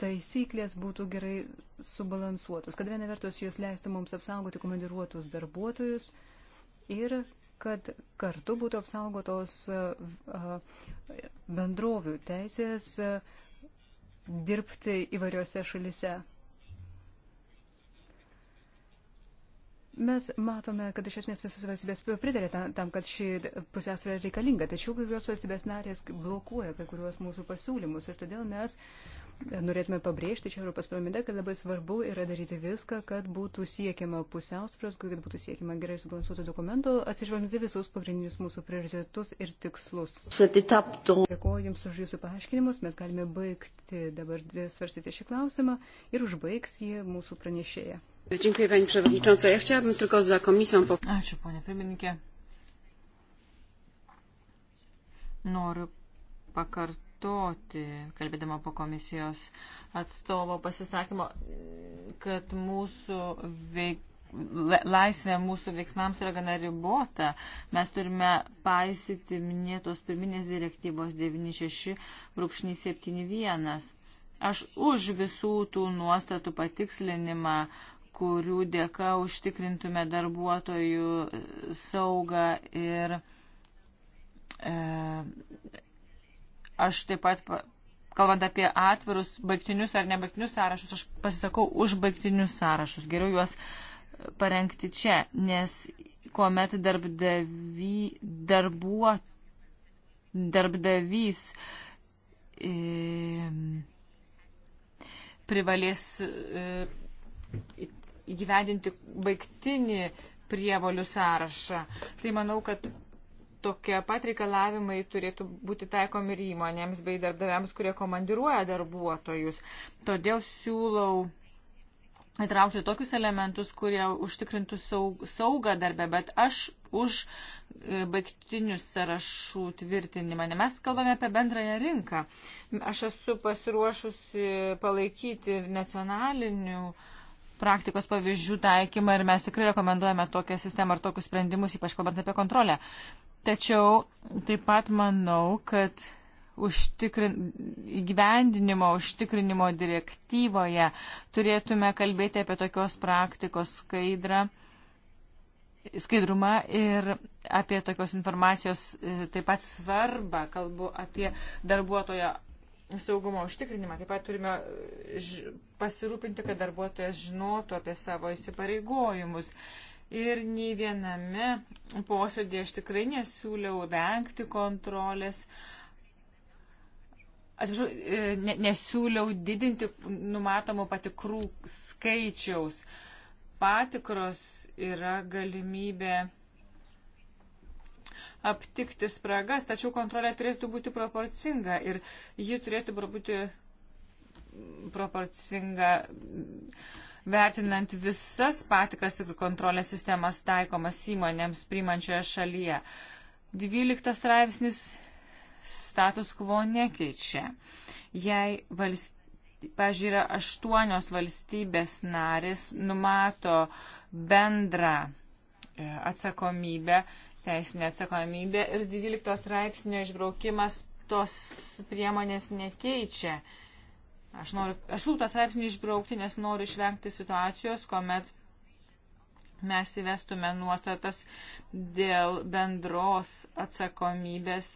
taisyklės būtų gerai subalansuotos, kad viena vertus jos leistų mums apsaugoti komandiruotus darbuotojus ir kad kartu būtų apsaugotos bendrovių teisės dirbti įvairiose šalise. Mes matome, kad iš esmės visos valstybės pritarė tam, kad ši pusėsra reikalinga, tačiau kai kurios valstybės narės blokuoja kai kuriuos mūsų pasiūlymus ir todėl mes norėtume pabrėžti čia Europos parlamente, kad labai svarbu yra daryti viską, kad būtų siekiama pusiausvros, kad būtų siekiama gerai subalansuoto dokumento, atsižvelgti visus pagrindinius mūsų prioritetus ir tikslus. Dėkuoju Jums už Jūsų paaiškinimus, mes galime baigti dabar svarstyti šį klausimą ir užbaigs jį mūsų pranešėją. Dziękuję Pani Przewodnicząca. Ja chciałabym tylko za komisją... Ačiū, ponė pirmininkė. Noriu pakartoti, kalbėdama po komisijos atstovo pasisakymo, kad mūsų veik... laisvė mūsų veiksmams yra gana ribota. Mes turime paisyti minėtos pirminės direktyvos 96.71 aš už visų tų nuostatų patikslinimą, kurių dėka užtikrintume darbuotojų saugą ir e, aš taip pat, kalbant apie atvirus, baigtinius ar nebaigtinius sąrašus, aš pasisakau už baigtinius sąrašus. Geriau juos parengti čia, nes kuomet darbdavy, darbuo, darbdavys e, privalės e, įgyvendinti baigtinį prievolių sąrašą. Tai manau, kad tokie pat reikalavimai turėtų būti taikomi ir įmonėms bei darbdaviams, kurie komandiruoja darbuotojus. Todėl siūlau įtraukti tokius elementus, kurie užtikrintų saug, saugą darbę, bet aš už e, baigtinius sąrašų tvirtinimą, nes mes kalbame apie bendrąją rinką. Aš esu pasiruošusi palaikyti nacionalinių uh, praktikos pavyzdžių taikymą ir mes tikrai rekomenduojame tokią sistemą ar tokius sprendimus, ypač kalbant apie kontrolę. Tačiau taip pat manau, kad užtikrin, įgyvendinimo, užtikrinimo direktyvoje turėtume kalbėti apie tokios praktikos skaidrą, skaidrumą ir apie tokios informacijos e, taip pat svarbą. Kalbu apie darbuotojo saugumo užtikrinimą. Taip pat turime e, pasirūpinti, kad darbuotojas žinotų apie savo įsipareigojimus. Ir nei viename posėdėje aš tikrai nesiūliau vengti kontrolės. Atsiprašau, e, ne, nesiūliau didinti numatomų patikrų skaičiaus. Patikros yra galimybė aptikti spragas, tačiau kontrolė turėtų būti proporcinga ir ji turėtų būti proporcinga mm, vertinant visas patikras ir kontrolės sistemas taikomas įmonėms priimančioje šalyje. 12 straipsnis status quo nekeičia. Jei valstybė pažiūrė, aštuonios valstybės narės numato bendrą e, atsakomybę teisinė atsakomybė ir 12 straipsnio išbraukimas tos priemonės nekeičia. Aš, noriu, aš siūlau tą straipsnį išbraukti, nes noriu išvengti situacijos, kuomet mes įvestume nuostatas dėl bendros atsakomybės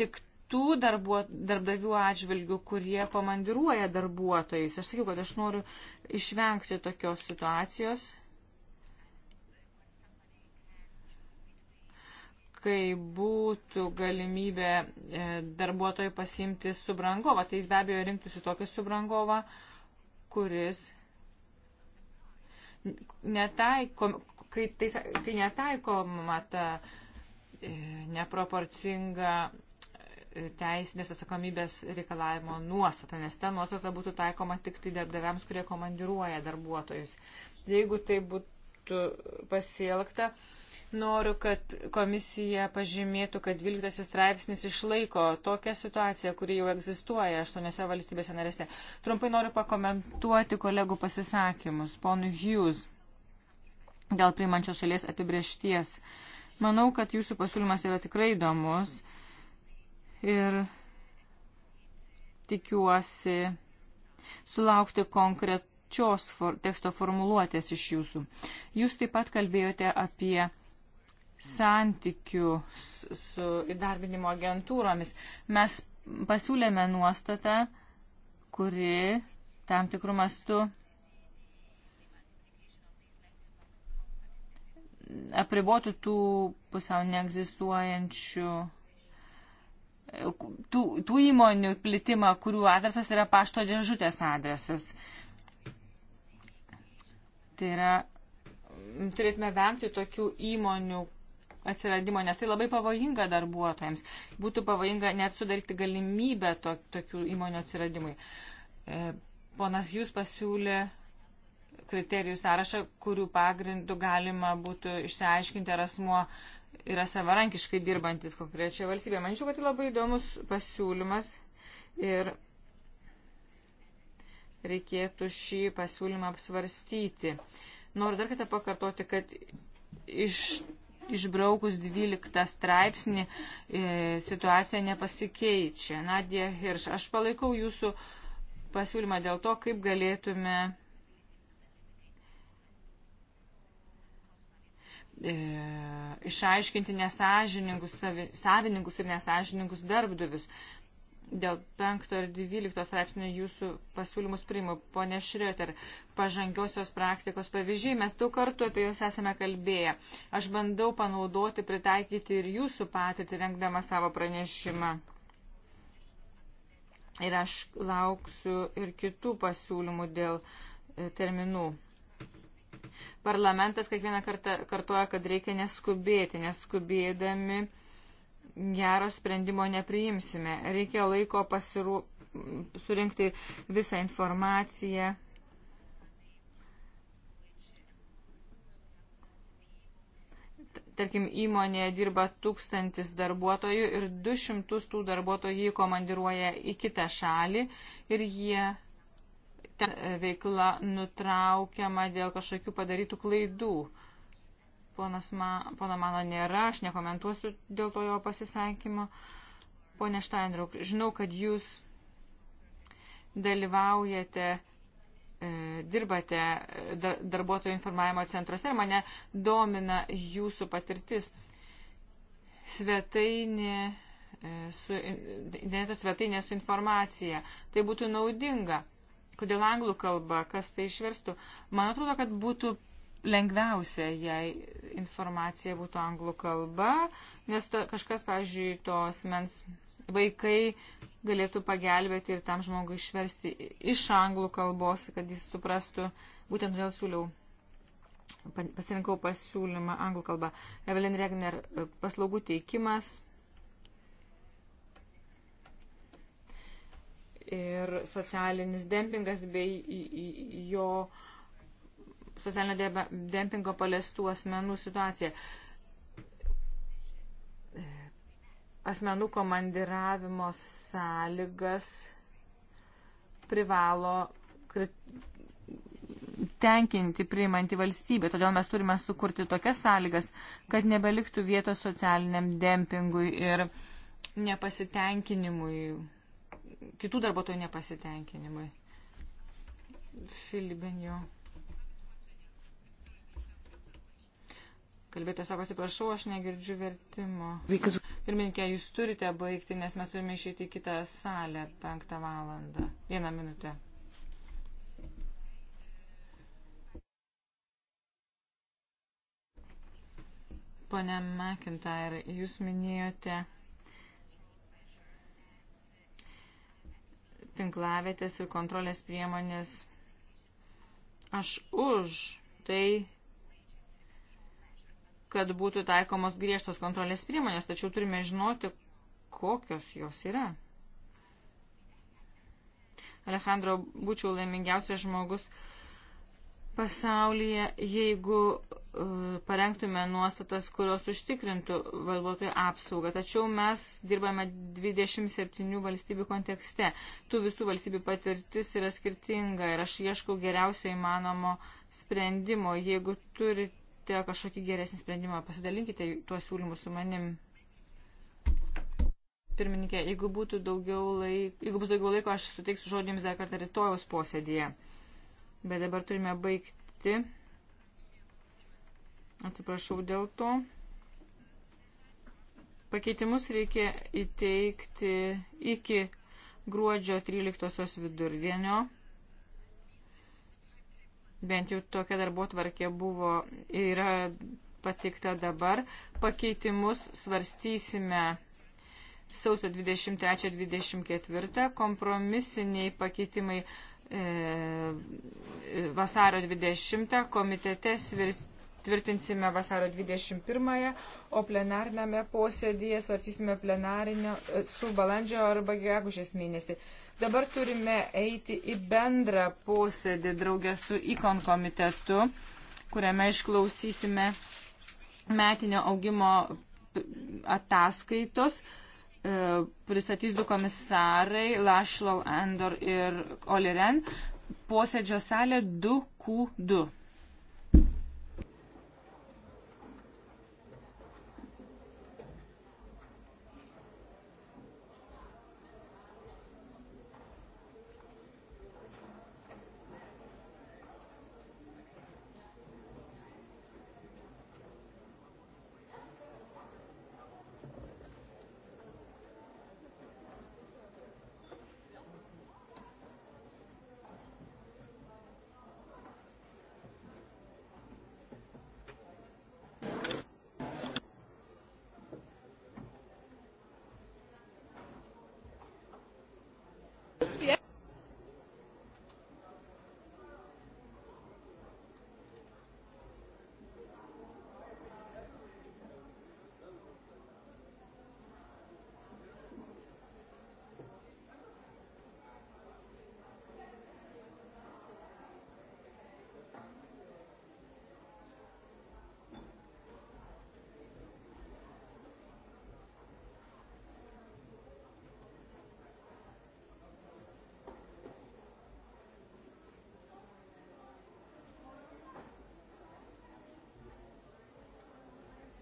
tik tų darbuo, darbdavių atžvilgių, kurie komandiruoja darbuotojais. Aš sakiau, kad aš noriu išvengti tokios situacijos kai būtų galimybė e, darbuotojai pasimti subrangovą, tai jis be abejo rinktųsi tokį subrangovą, kuris netaiko, kai, tai, kai netaikoma ta e, neproporcinga e, teisinės atsakomybės reikalavimo nuostata, nes ta nuostata būtų taikoma tik tai darbdaviams, kurie komandiruoja darbuotojus. Jeigu tai būtų pasielgta, Noriu, kad komisija pažymėtų, kad 12 straipsnis išlaiko tokią situaciją, kuri jau egzistuoja aštuoniuose valstybėse narėse. Trumpai noriu pakomentuoti kolegų pasisakymus. Ponui Hughes, dėl priimančios šalies apibriešties. Manau, kad jūsų pasiūlymas yra tikrai įdomus ir tikiuosi sulaukti konkretų. Šios for, teksto formuluotės iš jūsų. Jūs taip pat kalbėjote apie santykių su įdarbinimo agentūromis. Mes pasiūlėme nuostatą, kuri tam tikrų mastų apribotų tų pusiau neegzistuojančių tų, tų įmonių plitimą, kurių adresas yra pašto dėžutės adresas. Tai yra, turėtume vengti tokių įmonių, atsiradimo, nes tai labai pavojinga darbuotojams. Būtų pavojinga net sudaryti galimybę to, tokių įmonių atsiradimui. E, ponas Jūs pasiūlė kriterijų sąrašą, kurių pagrindų galima būtų išsiaiškinti, ar asmuo yra savarankiškai dirbantis konkrečioje valstybėje. Manyčiau, kad tai labai įdomus pasiūlymas ir reikėtų šį pasiūlymą apsvarstyti. Noriu dar kartą pakartoti, kad iš išbraukus 12 straipsnį e, situacija nepasikeičia. Nadie Hirš, aš palaikau jūsų pasiūlymą dėl to, kaip galėtume e, išaiškinti nesažininkus savininkus ir nesažininkus darbdavius dėl 5 ir 12 straipsnių jūsų pasiūlymus priimu. Pone Šrioter, pažangiosios praktikos pavyzdžiai, mes daug kartų apie juos esame kalbėję. Aš bandau panaudoti, pritaikyti ir jūsų patirtį, rengdama savo pranešimą. Ir aš lauksiu ir kitų pasiūlymų dėl e, terminų. Parlamentas kiekvieną kartą kartuoja, kad reikia neskubėti, neskubėdami gero sprendimo nepriimsime. Reikia laiko pasirū... surinkti visą informaciją. Tarkim, įmonėje dirba tūkstantis darbuotojų ir du šimtus tų darbuotojų komandiruoja į kitą šalį ir jie ten veikla nutraukiama dėl kažkokių padarytų klaidų. Uh, Ponas Ma, pono mano nėra, aš nekomentuosiu dėl to jo pasisakymo. Pone Steinruk, žinau, kad jūs dalyvaujate, e, dirbate e, dar, darbuotojų informavimo centruose ir mane domina jūsų patirtis. Svetainė, e, su, interneto svetainė su informacija. Tai būtų naudinga. Kodėl anglų kalba, kas tai išverstų? Man atrodo, kad būtų lengviausia, jei informacija būtų anglų kalba, nes to, kažkas, pavyzdžiui, tos mens vaikai galėtų pagelbėti ir tam žmogui išversti iš anglų kalbos, kad jis suprastų. Būtent todėl siūliau, pasirinkau pasiūlymą anglų kalbą. Evelyn Regner, paslaugų teikimas. Ir socialinis dempingas bei jo uh, socialinio dempingo palestų asmenų situaciją. Asmenų komandiravimo sąlygas privalo tenkinti priimanti valstybė. Todėl mes turime sukurti tokias sąlygas, kad nebeliktų vietos socialiniam dempingui ir nepasitenkinimui, kitų darbuotojų nepasitenkinimui. Filibenio. Kalbėtės sako, atsiprašau, aš negirdžiu vertimo. Pirmininkė, jūs turite baigti, nes mes turime išeiti į kitą salę penktą valandą. Vieną minutę. Pone McIntyre, jūs minėjote tinklavėtės ir kontrolės priemonės. Aš už tai kad būtų taikomos griežtos kontrolės priemonės, tačiau turime žinoti, kokios jos yra. Alejandro, būčiau laimingiausias žmogus pasaulyje, jeigu e, parengtume nuostatas, kurios užtikrintų valdotojų apsaugą. Tačiau mes dirbame 27 valstybių kontekste. Tų visų valstybių patirtis yra skirtinga ir aš ieškau geriausio įmanomo sprendimo. Jeigu turite turite kažkokį geresnį sprendimą, pasidalinkite tuos siūlymus su manim. Pirmininkė, jeigu, būtų daugiau laiko, jeigu bus daugiau laiko, aš suteiksiu žodžiams dar kartą rytojaus posėdėje. Bet dabar turime baigti. Atsiprašau dėl to. Pakeitimus reikia įteikti iki gruodžio 13 vidurdienio bent jau tokia darbo tvarkė buvo, yra patikta dabar. Pakeitimus svarstysime sausio 23-24, kompromisiniai pakeitimai e, vasario 20, komitete svirsti tvirtinsime vasaro 21-ąją, o plenarname posėdėje svarstysime plenarinio, atsiprašau, e, balandžio arba gegužės mėnesį. Dabar turime eiti į bendrą posėdį draugę su ikon komitetu, kuriame išklausysime metinio augimo ataskaitos e, pristatys du komisarai Lašlau Endor ir Oliren posėdžio salė 2Q2.